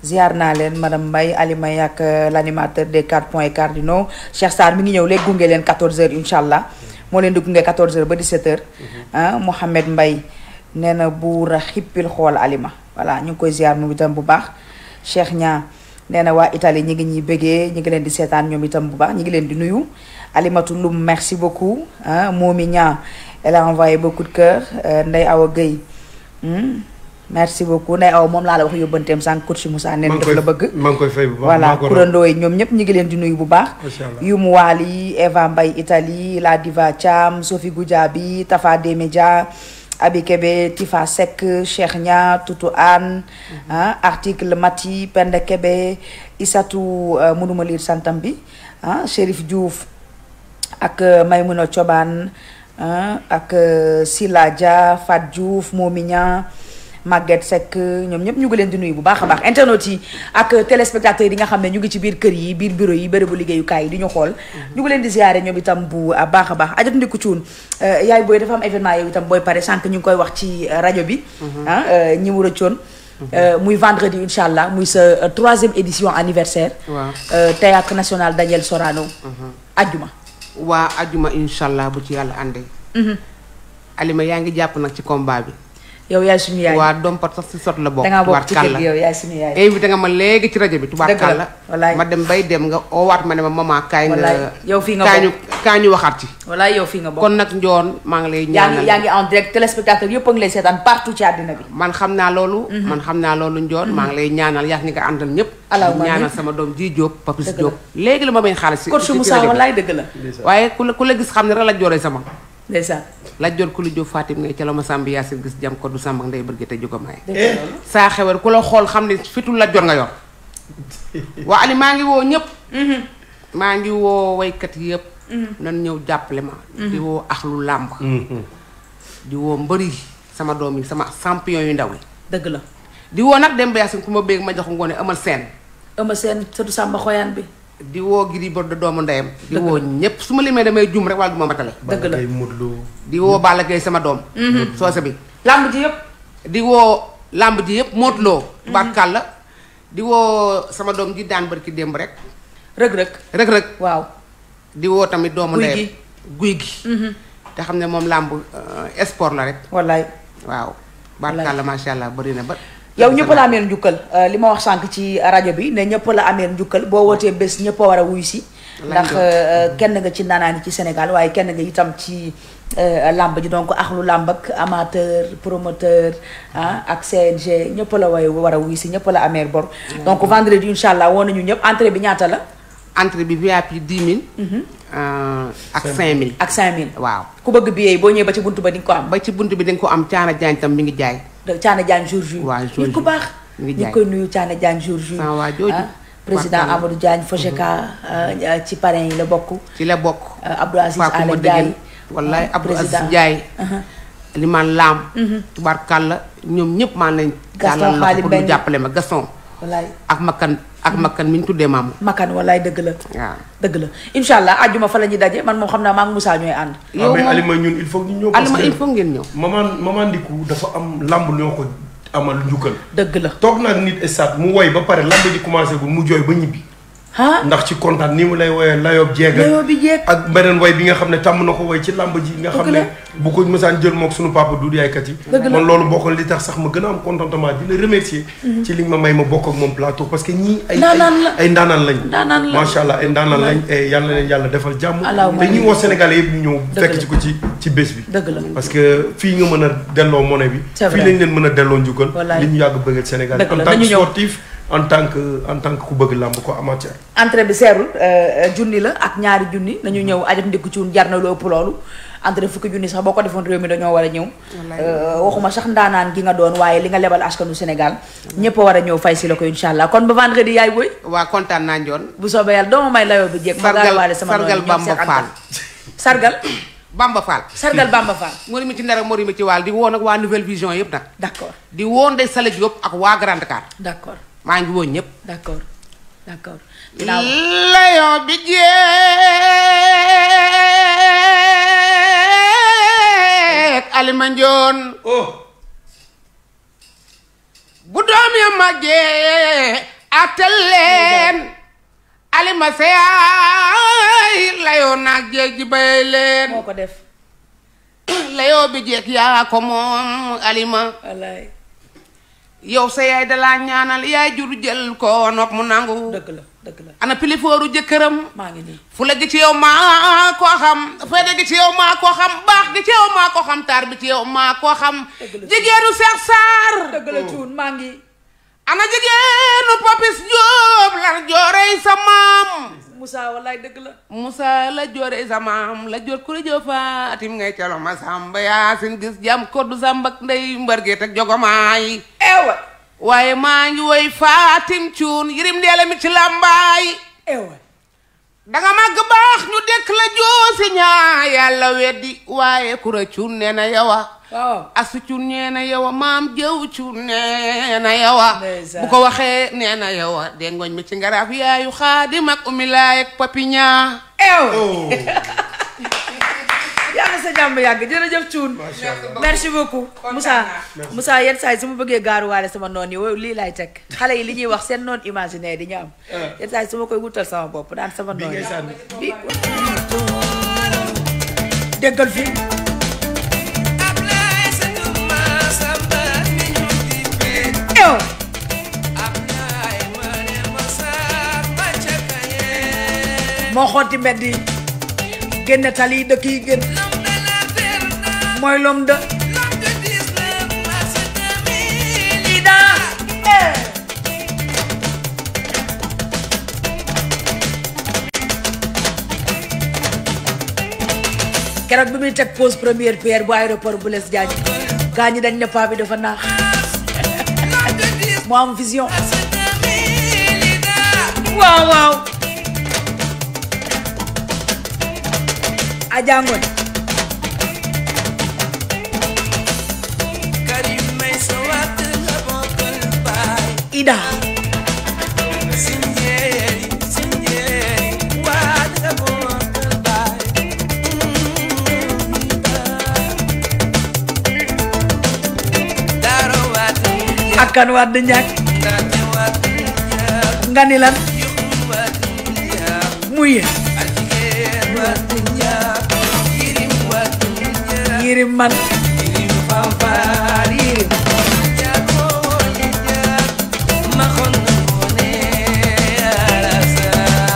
ziar naa leen madame Mbaye Alima yàq l'animateur des quatre points cardinaux Cheikh Sarr mi ngi ñëw léegi gunge leen 14 heures incha allah moo leen di gunge 14h ba 17h. Mhm. ah Mouhamed Mbaye nee na buura xippil xool alima voilà ñu ngi koy ziar moom itam bu baax Cheikh Ña nee na waa Italie ñi ngi ñuy bëggee ñi ngi leen di seetaan ñoom itam bu baax ñi ngi leen di nuyu Alimatu Lum merci beaucoup ah Momi Ña elle a envoyé beaucoup de aw euh, Ndeye Awa hmm. merci beaucoup Ndeye aw moom laa la wax yóbbanteem sànq coach Moussa nen daf la bëgg maa ngi ñoom ñëpp ñu ngi leen di nuyu bu baax Youm Wally Eva Mbaye Italie La Diva Thiam Sophie Goudiaby Tafa Demedia Abi Kebe Tifa Seck Cheikh Nia Toutou Anne ah, article Mati euh, mënuma liir santam bi ah Chérif Diouf ak euh, Maymouna Thioban ah, ak euh, Sila Dia Fat Maguette Seck ñoom ñëpp ñu ngi leen di nuyu bu baax a baax internautes yi ak téléspectateurs yi nga xam ne ñu ngi ci biir kër yi biir bureau yi bérébu liggéeyukaay yi di ñu xool mhm. ñu ngi leen di ziare ñoom itam bu baax a baax ajot ndiku cuun euh, yaay booy dafa am événement yow itam booy pare sànq ñu ngi koy wax ci euh, rajo bi mhm. ah euh, ñi mu mhm. muy vendredi incha allah muy sa troisième édition anniversaire théâtre national Daniel Sorano ajjuma waa ajjuma incha allah bu ci yàlla àndee alima yaa ngi jàpp nag ci combat bi yow yaay suñu waa doom pat sax si sot la bokk da ngaa ma dem bay dem nga oowaat ma ne ma maman kaay nga yow fii nga bokk kaañu waxaat ci wallaay yow fii nga bokk kon nag njoon maa ngi lay ñaanal yaa ngi en direct téléspectateur yëpp a ngi lay seetaan partout xam naa loolu man xam naa loolu mhm. njoon maa ngi lay ñaanal yaa ngi nga àndal ñëpp ñaanal sama doom ji jóg papis jóg léegi la ma may xaalis si coach Moussa wallaay dëgg la waaye ku la ku la gis xam ne rek la jooree sama ndeysaan lajjoor ku lu jóg Fatim ngay ca la ma yaasin gis jam ko du sàmb ak ndey bërgé te jóg maay saa xewar ku la xool xam ne fitul lajjoor nga yor waa Ali maa ngi woo ñëpp mhm. maa ngi woo waykat yëpp mhm. nan ñëw jàppale ma mhm. di woo axlu làmb di woo mbëri sama doom yi sama champion yu ndaw yi dëgg la di woo nag dem ba yaasin ku ma bëgg ma jox ngoone amal seen amal seen sëtu sàmba xoyaan bi di gi di Bordeaux doomu ndeyam di wo ñepp suma limé damay jum rek wala duma matalé deug la di wo Balla kay sama dom, mhm. soose bi lamb ji yépp di wo lamb ji yépp motlo mhm. bakkal la di wo sama dom ji daan barki démb rek reug reug reug reug waaw di wo tamit doomu ndeyam guuy gi mhm. te xam mom lamb esport euh, la rek wallahi waaw bakkal la machallah bari na ba yow ñëpp la ameen njukkal euh, li ma wax sànq ci rajo bi ne ñëpp la amee njukkal boo wootee bés ñëpp war a wuyu si ndax euh, mm-hmm. kenn nga ci naanaani ci Sénégal waaye kenn nga itam ci euh, làmb ji donc axlu làmb ak amateur promoteur ah ak CNG ñëpp la way war a wuy si ñëpp la amee bor. Mm-hmm. donc vendredi incha allah woo nañu ñëpp entrée bi ñaata la. entrée bi VIP 10 000. ak ak 5000 waaw. ku bëgg bi yi boo ñëwee ba ci bunt ba di ko am. ba ci bunt bi di ko am Thiara Diagne tam mi ngi jaay. Caana Diagne jour jour. waaw jour ku baax. ñu ngi koy nuyu Caana Diagne jour jour. sans waa jooju ah, président Amadou Diagne Fojeka mhm. ah, ci parrain yi la bokk. ci la bokk. Ah, Abdou Aziz Alé Ndiaye. wallaay Abdou Aziz Ndiaye. Uh-huh. li man laam. Mhm. tubaarkàlla ñoom ñëpp maa nañ. Gaston Xaali Mbeng jàppale ma Gaston. wallaay ak makkan ak makkan mi ñu tuddee maamu. makkan wallaay dëgg la. waaw dëgg la incha allah àjjuma fa la ñuy daje man moom xam naa maa ngi Moussa ñooy ànd. yow ah, mais Alima ñun il faut ñu ñëw. Alima il faut ngeen ñëw. maman maman Ndiku dafa am lamb ñoo ko amal njukkal. dëgg la toog naa nit stade mu woy ba pare lamb ji commencé bu mu jooy ba ñibbi. ndax ci kontaan ni mu lay woyee layoob jeega ak beneen way bi nga xam ne tàmm na ko way ci làmb ji nga xam ne bu ko mësaan jël mook suñu papa duud yaaykat yi man loolu bokkoon li tax sax ma gën a am contentement di mm-hmm. li nga may ma bokk ak moom plateau parce que ñii ay ay ndaanaan lañ macha allah ay ndaanaan lañ yàlla eh, leen yàlla defal jàmm te ñi woo sénégalais yëpp ñëw fekk ci ko ci ci bés bi parce que fii nga mën a delloo monnaie bi fii lañ leen mën a delloo njukkal li ñu yàgg bëggal sénégal en tant que sportif en tant que en tant ku bëgg làmb ko amateur. entrée bi seerul euh, junni la ak ñaari junni nañu ñëw ajat ndikku ci jar na lu ëpp loolu entrée fukki junni sax boo ko defoon réew mi dañoo war a ñëw. Euh, waxuma sax ndaanaan gi nga doon waaye li nga lebal askanu Sénégal. ñëpp a war a ñëw la ko incha allah kon ba vendredi yaay booy. waa kontaan naa njoon. bu soobee yàlla doo may layoo bi jéeg. ma gaawaale sama noonu ñoom Seck Anta sargal Bamba Fall sargal Bamba Fall mori mi ci ndara mori mi ci waal di woo nag waa Nouvelle Vision yëpp nag d'accord di woo Ndeye Sala Diop ak waa Grande Car d'accord maa ngi woon d'accord d'accord. layo bi jeeg Alima Njoon. Oh. bu doom ya màggee atal leen. Alima Seye layoo naag jeeg ji leen. moo bi jeeg yaa ko Alima. yow sa yaay dalaa ñaanal yaay jur jël ko nopp mu nangu. dëgg ana pilifooru jëkkëram. maa ngi fu la gi ci yow maa koo xam fayda gi ci yow maa ko xam baax gi ci yow maa koo xam taar bi ci yow maa koo xam. jigéenu Seex Saar. dëgg la oh. Cuun maa ngi. ana jigéenu Papis Jóob la joorey sa maam Moussa wallaay dëgg la Moussa la joorey sa maam la joor kure joo Fatim ngay calo ma samba yaasin gis jam koddu sàmbak ndey mbargeet ak jogomaay ewa waaye maa ngi woy Fatim cuun yirim ndeela mi ci danga màgg baax ñu dekk la joosi ñaa yàlla weddi waaye kura cuun nee na yowa asu cuun nee na yowa maam jëw cuun nee na bu ko waxee nee na yowa dengoñ mi ci ngaraaf yaayu xaadim ak papiñaa ew oh. na sa jàmm yàgg jërëjëf Thioune merci beaucoup Moussa Moussa yenn saa yi su ma bëggee gaaruwaale sama noon yi lii laay teg xale yi li ñuy wax seen noon imaginaire di ñu eh. yenn saa yi su ma koy wutal sama bopp daan sama noon yi déggal fii moo xotti mbedd yi génn tali dëkk yi génn mooy l'homme de keroog bi muy teg pose première pierre bu aéroport bu les Diagne gaa dañ ne paa bi dafa naax am vision waaw waaw a ida akan wadenya nilan muye ngiriman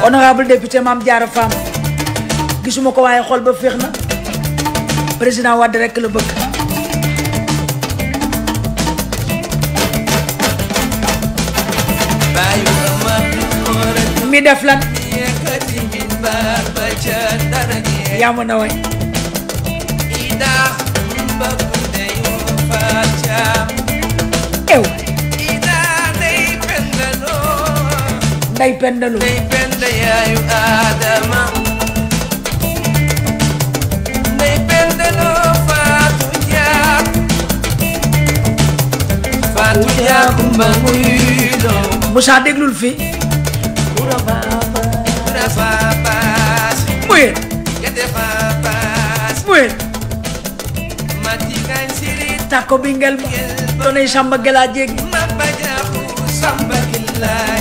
honorable député Mame Diarra Fam gisuma ko waaye xol ba féex na président Wade rekk la bëgg mi def lan yaa mën a way ew nday pendaloo yaayu Adama ndey Penda loo Fatou Dia Fatou Dia kumba muy loo Moussa déglul fi Moura Faba Moura Faba Mouye Gete Faba Mouye Mati Kansiri Tako Bingel Donay Samba Gela Jéeg Mamba Jaaxu Samba Gillaay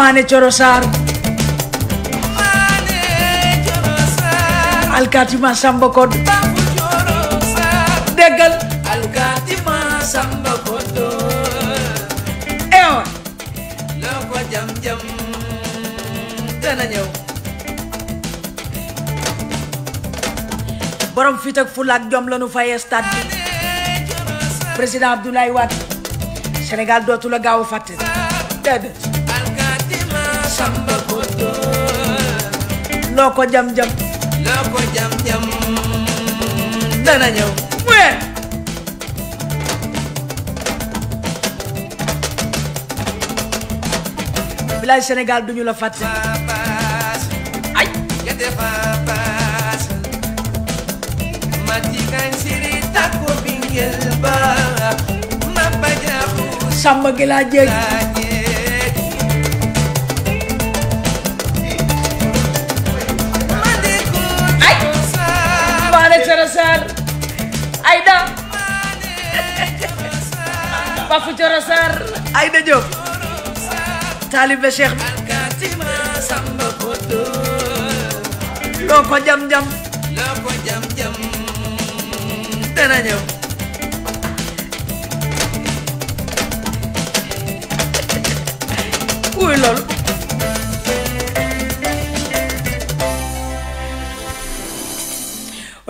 Mané Coro Sarr alkatima Samba Kod déggal alkatima Samba Kod ewa eh, oh. loo ko jam jam dana ñëw borom fit ak fulla ak jom lañu fayee stade bi président Abdoulaye Wade Sénégal dootu la gaaw a fàtte déedéet Loko kutul loo ko jam jam loo ko jam jam dana ñëw wee village Sénégal duñu la fàtte ay gete fa paas mati kan siri takko bingel ba ma bajaxu samba gi laa jéggi Pape Thioro Sarr Aïda Diop taalibe Cheikh loo ko jam jam loo ko jam jam dana ñëw kuy loolu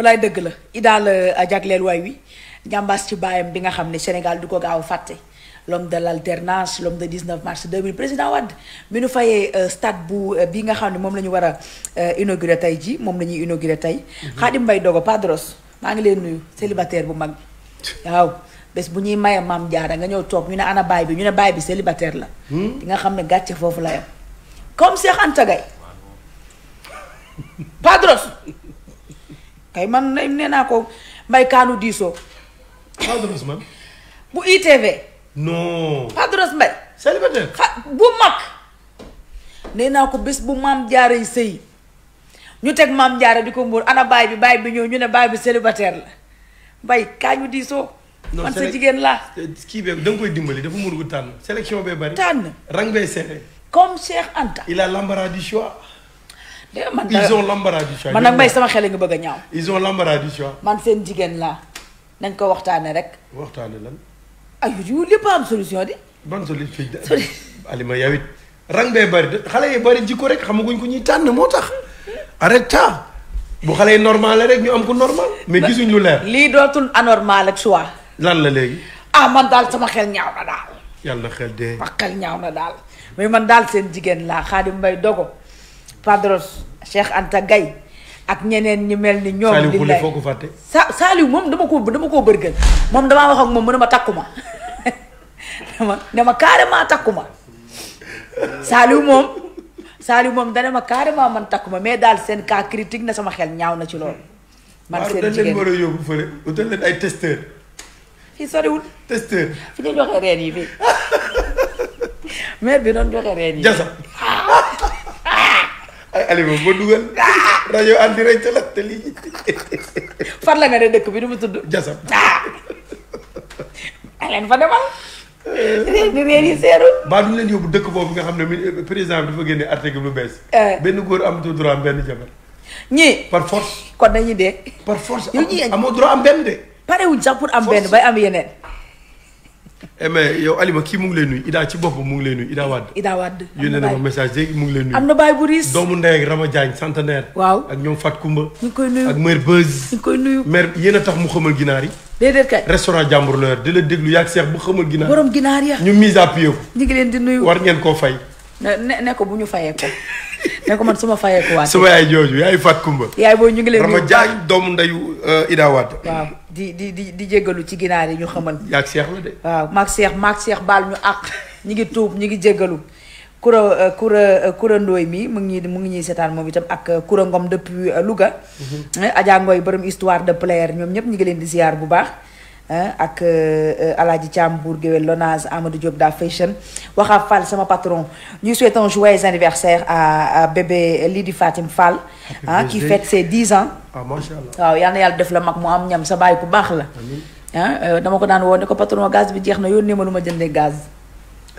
walaay dëgg la i daal a euh, jagleel waay wi jàmbaas ci baayam bi nga xam ne Sénégal du ko gaaw fàtte l'homme de l'alternance l'homme de 19 mars 2000 président Wade mi nu fayee euh, stade bu euh, bi nga xam ne moom la ñu war a euh, inauguré tey ji moom la ñuy inauguré tey mhm. Khadim Mbaye Dogo Padros maa ngi leen nuyu célibataire bu mag bi waaw bés bu ñuy maye maam jaara nga ñëw toog ñu ne ana baay bi ñu ne baay bi célibataire la hmm? di nga xam ne gàcce foofu la yam comme Cheikh Anta Gaye Padros kay man nee naa ko mbay kaanu diisoo Padros Ousmane. bu ITV. non Padros Mbaye. célibataire bu mag. nee naa ko bés bu maam jaara yi sëy ñu teg maam jaara di ko mbóor ana baay bi baay bi ñëw ñu ne baay bi célibataire la mbay kaa ñu diisoo. man sa jigéen laa. Eh, kii bee da koy dimbali dafa mënul ko tànn. sélection bee bari tànn rang bee serré. comme Cheikh Anta. il a l'embarras du choix. de man ils ont nag mbay sama xel nga bëgg a ñaaw. ils man seen jigéen laa. nañ ko waxtaane rek. waxtaane lan. ay yu lépp am solution di. ban solution. Alima yow it rang bee bari de xale yi bari jikko rek xamaguñ ko ñuy tànn moo tax arrête bu xale yi normal la rek ñu am ko normal. mais gisuñ lu leer. lii dootul anormal ak choix. lan la léegi. ah man daal sama xel ñaaw na daal. yàlla xel de. ma xel ñaaw na daal mais man daal seen jigéen laa Xaadim Mbay Dogo Padros Cheikh Anta Gaye ak ñeneen ñi mel ni ñoom. Saliou Khoule foo ko fàtte. sa Saliou moom dama koo dama koo bërgël moom damaa wax moom mu a ma takku ma dama dama carrément takku ma Saliou moom Saliou moom dana ma carrément man takku ma mais daal seen cas critique na sama xel ñaaw na ci loolu. man seen jigéen war a yóbbu fële utal ay testeur. fii soriwul. testeur fi ñu joxe reen yi bi doon joxe reen ay moom ba dugal. Ah! rajo en direct la te lii. fan la nga ne dëkk bi nu mu tudd. Jasam ah. aleen fa demal. réer euh, bi réer yi seerul. baa duñ leen yóbbu dëkk boobu nga xam ne président bi dafa génne article bu bees. Euh. benn góor amatul droit am benn jabar. ñii par force. kon dañuy dee. par force amoo droit am benn de. pare wuñ pour am benn bay am yeneen. Eh, mais yow Alima kii mu ngi lay nuyu Ida ci boppam mu ngi lay nuyu Ida Wade. Ida message léegi mu ngi lay nuyu. am na baay bu riis doomu ndey ak Rama Diagne centenaire. waaw ak ñoom Fatou Koumba. ñu ngi koy nuyu ak mère Beuz. yéen a tax mu xamal ginaar yi. déedéet kay di la déglu yaa bu xamal ginaar. borom ginaar ya ñu ñu ngi leen di nuyu war ngeen koo fay. ne bu ñu fayee ko ne ko man su ma fayee ko waat. sama yaay jooju yaay Fatou Koumba. yaay ñu ngi leen nuyu Rama Diagne doomu ndeyu euh, Ida waat waaw di di di di jégalu ci ginaar yi ñu xamal. yaag seex la de. waaw seex baal ñu àq ñi ngi tuub ñi ngi jégalu. Kura euh, Kura euh, Kura Ndooy mi mu ngi ñuy mu ngi ñuy seetaan moom itam ak euh, Kura Ngom depuis Louga. Mhm. Eh, Adja Ngoy borom histoire de plaire ñoom ñëpp ñu ngi leen di ziar bu baax. Hein, ak euh, euh, Aladji Thiam Bourguewel Lonase Amadou Diop Da Fashion Waxa Fall sama patron ñu souhaitons joyeux anniversaire à bébé Lidi Fatim Fall hein qui fête ses 10 ans ah, waaw yal na yalla def la mak mu am ñam sa bay ku bax la hein euh, dama ko dan woo ne ko patron gaz bi jeex na yónnee ma lu ma jëndee gaz ah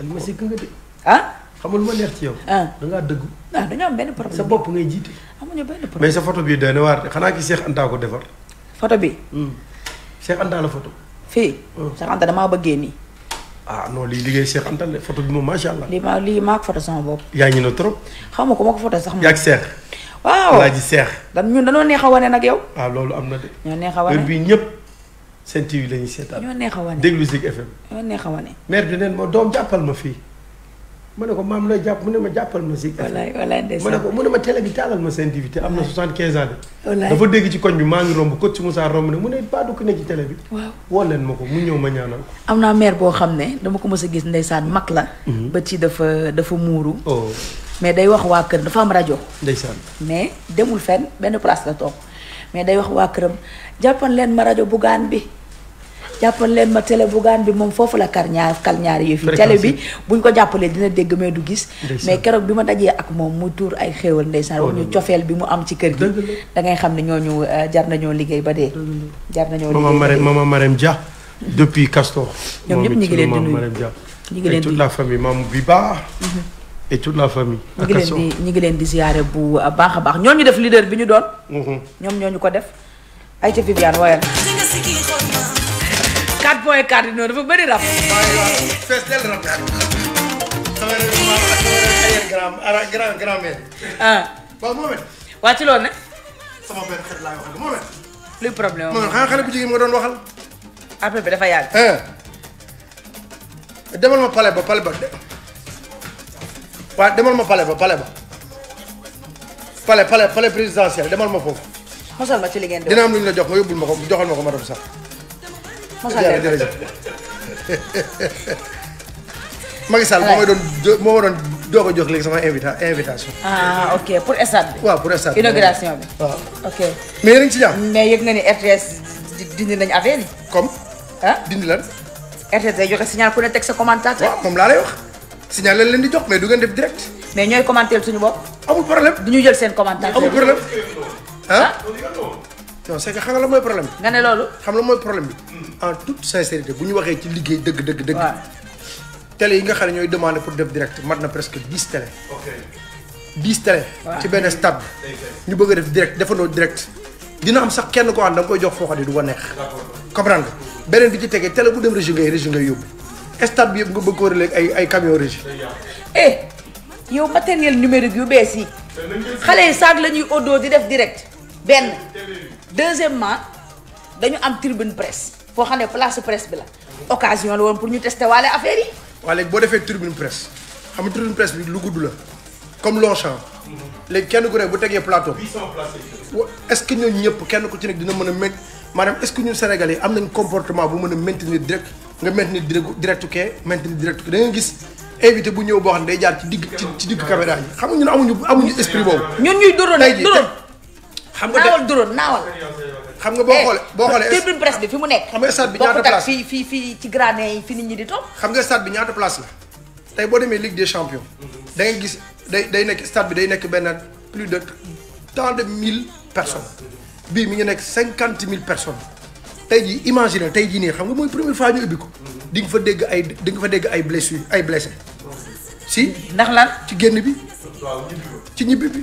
hein? xam lu ma neex ci yow. Hein? da nga deug ah dañoo am benn problème sa bop ngay jiite. amuñu benn problème mais sa photo bi doy na waar xanaa ki Cheikh Anta ko defar. photo bi. hmm Cheikh Anta la photo. fii. Cheikh Anta damaa bëggee nii. ah non lii liggéey Cheikh Anta la photo bi moom macha allah. lii maa lii maa ko photo sama bopp. yaa ngi ne trop. xaw ma ma ko photo sax. yaa ngi Cheikh. waaw laa ji Cheikh. dan ñun dañoo a wane nag yow. Ah, loolu am na de. ñoo neex a wane heure bii ñëpp seen la ñuy seetaan. ñoo neex a wane déglu a wane. mère bi neen ma doom jàppal ma fii. mane ko maam lay jàpp mu ne ma jàppal ma si. wallaay wallaay ndeysaan ma ko mu ne ma télé bi taalal ma seen TV am na 75 ans de. dafa dégg ci koñ bi maa ngi romb coach Moussa romb ne mu ne pas du ne ci télé bi. waaw woo leen ma ko mu ñëw ma ñaanal ko. am naa mère boo xam ne dama ko mës a gis ndeysaan mag la. Mhm. ba ci dafa dafa muuru. Oh. mais day wax waa kër dafa am rajo. ndeysaan mais demul fen benn place la toog mais day wax waa këram jàppal leen ma rajo bugaan bi. jàppal leen ma télé Bougane bi moom foofu la kar ñaar kal ñaari yëf yi télé bi buñ ko jàppalee dina dégg mais du gis mais keroog bi ma dajee ak moom mu tuur ay xéewal ndeysaan oh, wax ñu cofeel bi mu am ci kër gi da ngay xam ne ñooñu euh, jar nañoo liggéey ba dee jar nañoo liggéey maman Marème maman Marème Dia depuis Castor ñoom ñëpp ñu ngi leen di nuyu ñu ngi leen di toute la famille maam bi baax et toute la ngi leen di ñu ngi leen di ziare bu baax a baax ñooñu def leader bi ñu doon. Mhm. ñoom ñooñu ko def. ay ca Viviane wooyal. 4 point 4 noonu dafa bëri rab. fees del rab daal. luy problème moom xanaa xale bu jigéen nga doon waxal. appel bi dafa yàgg. demal ma pale ba pale ba demal ma pale ba pale ba pale pale pale présidentiel ma foofu. mosal ci li ngeen di dina lu ñu la jox nga yóbbul ma ko joxal ma ko ma dem sax. Masa jërëjëf jërëjëf Macky Sall moo ma doon jo moo ma doon doog a jox léegi sama invita invitation. ah ok pour stade bi. waaw pour stade bi inauguration bi. waaw ok. mais yéen a ngi ci jàmm. mais yëg nga ni RTS dindi nañu affaire yi. comme. ah dindi lan. RTS day joxe signal ku ne teg sa commentateur. waaw moom laa lay wax. signal lañ leen di jox mais du ngeen def direct. mais ñooy commenter suñu bopp. amul problème du ñu jël seen commentateur. amul problème ah. ah? non c'est que xam nga la mooy problème bi. nga ne loolu. xam la mooy problème bi en toute sincérité bu ñu waxee ci liggéey dëgg dëgg dëgg. tele yi nga xam ne ñooy demandé pour def direct mat na presque dix télé. ok dix télé. ci benn stade ñu bëgg def direct defandoo direct. dina am sax kenn koo xam da koy jox foo xam ne du ko neex. comprendre nga beneen bi ci tegee tele bu dem région ngay région ngay yóbbu. stade bi yëpp nga bëgg ko relais ay ay camion région. eh yow matériel numérique yu bees yi. xale yi saag la ñuy oddoo di def direct benn. deuxièmement dañu am tribune presse foo xam ne place presse bi la occasion la woon pour ñu tester waale affaire yi. waaw léegi boo defee tribune presse xam nga tribune presse bi lu gudd la comme Longchamp. léegi kenn ku ne bu tegee plateau. 800 est-ce que ñooñu ñëpp kenn ku ci nekk dina mën a métti maanaam est-ce que ñun Sénégalais am nañ comportement bu mën a maintenir direct nga maintenir direct direct kee maintenir direct da nga gis. invité bu ñëw boo xam ne day jaar ci digg ci digg caméra yi xam nga ñun amuñu amuñu esprit boobu. ñun ñuy dóoroon rek xam nga naawal drone naawal. xam nga boo eh, xoolee boo xoolee. tribune presse bi fi mu nekk. xam nga stade bi ñaata place fii fii fii ci gradin yi fi nit ñi di toog. xam nga stade bi ñaata place la tey boo demee Ligue des champions. da ngay gis day day nekk stade bi day nekk benn plus de tant de mille personnes bii mi ngi nekk cinquante mille personnes tey jii imaginer tey jii nii xam nga mooy première fois ñu ubbi ko. di nga fa dégg ay di nga fa dégg ay blessures ay blessés si. ndax lan ci génn bi. ci ñibbi bi.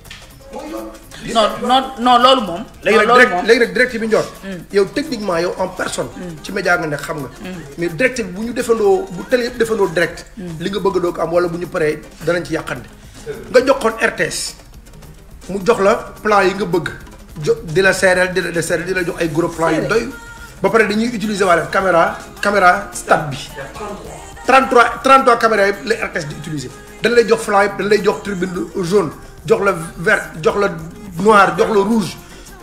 non non non loolu moom. loolu moom léegi nag direct bi Ndior. Hmm. yow techniquement yow en personne. Hmm. ci média nga ne xam nga. Hmm. mais direct bu ñu defandoo bu télé yëpp defandoo direct. li nga bëgg doo ko am wala bu ñu paree danañ ci yàqande. nga joxoon RTS mu jox la plan yi nga bëgg. jo di la seereel di la deseereel di la jox ay gros plan yu doy. ba pare dañuy utiliser wala caméra caméra stade bi. 33 trent caméra yi la RTS di utiliser. dañ lay jox flan yëpp dañ lay jox tribune jaune. jox la vert jox la noir jox la rouge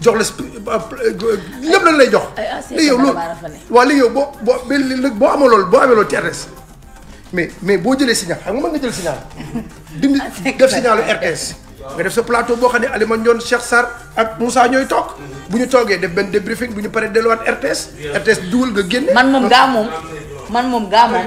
jox la spi lépp euh, euh, lañ lay jox. Ah, li yow loolu waaw li yow boo boo boo amoo loolu boo amee loolu ci mais mais boo jëlee signal xam nga mën nga jël signal. dindi ah, def signalu RTS. nga def sa plateau boo xam ne Alioune Ndione Cheikh sar ak Moussa ñooy toog. Mhm. bu ñu toogee def benn débriefing bu ñu paree delluwaat RTS. RTS dugal nga génne. man moom gaa moom man moom gaa moom.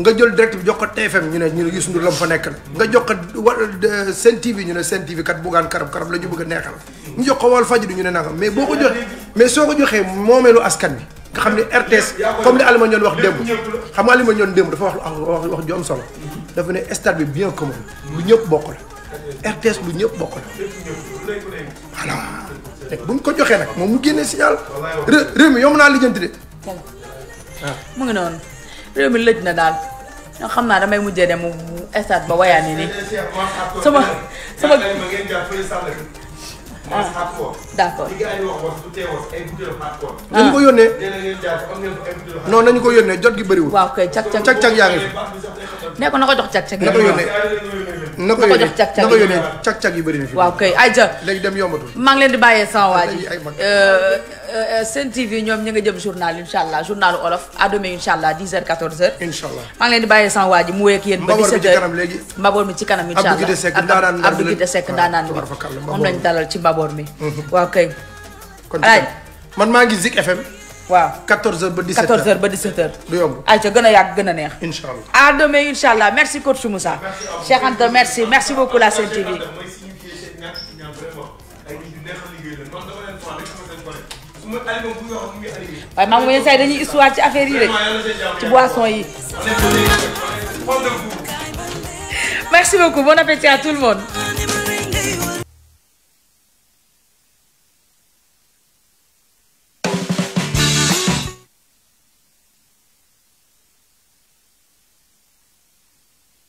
nga jël direct bi jox ko TFM ñu ne ñu ne Youssou Ndour la mu fa nekkal nga jox ko wa euh, Sen TV ñu ne Sen TV kat buggaan karab karab la ñu bëgg a neexal ñu jox ko Walf Fadjri ñu ne nangam mais boo ko joxee mais soo ko joxee moomeelu askan bi nga xam ne RTS comme li Alima ñoon wax démb xam nga Alima ñoon démb dafa wax wax ju am solo dafa ne stade bi bien commun lu ñëpp bokk la RTS lu ñëpp bokk la voilà ko joxee nag moom mu génnee signal réew mi yomb naa lijjanti de waaw mu ngi noonu réew mi lëj na daal ñoo xam naa damay mujjee dem stade ba wayaani nii sama sama ah. d'accord ah. nañu ko yónnee non nañu ko yónnee jot gi bëriwul waaw kay cag cag cag yaa ngi ne ko na ko jox cag cag yi. na ko yónnee na yi na yu bëri na fi. waaw kay ayca léegi dem yombatul. maa leen di bàyyee sama waa ji euh, euh, Sen TV ñoom ñu nga jëm journal incha allah journal olof à demain incha allah 10h 14h. incha allah maa ngi leen di bàyyee sama waa ji mu wéyeeg yéen ba 17 mi ci kanam incha allah waaw 14h ba 17h 14h ba 17h. du yomb ayca gën neex. à demain incha merci coach Moussa. Cheikh merci merci beaucoup la Sen TV. waaye maa ngi say histoire ci affaire yi rek merci beaucoup bon appétit à tout le monde.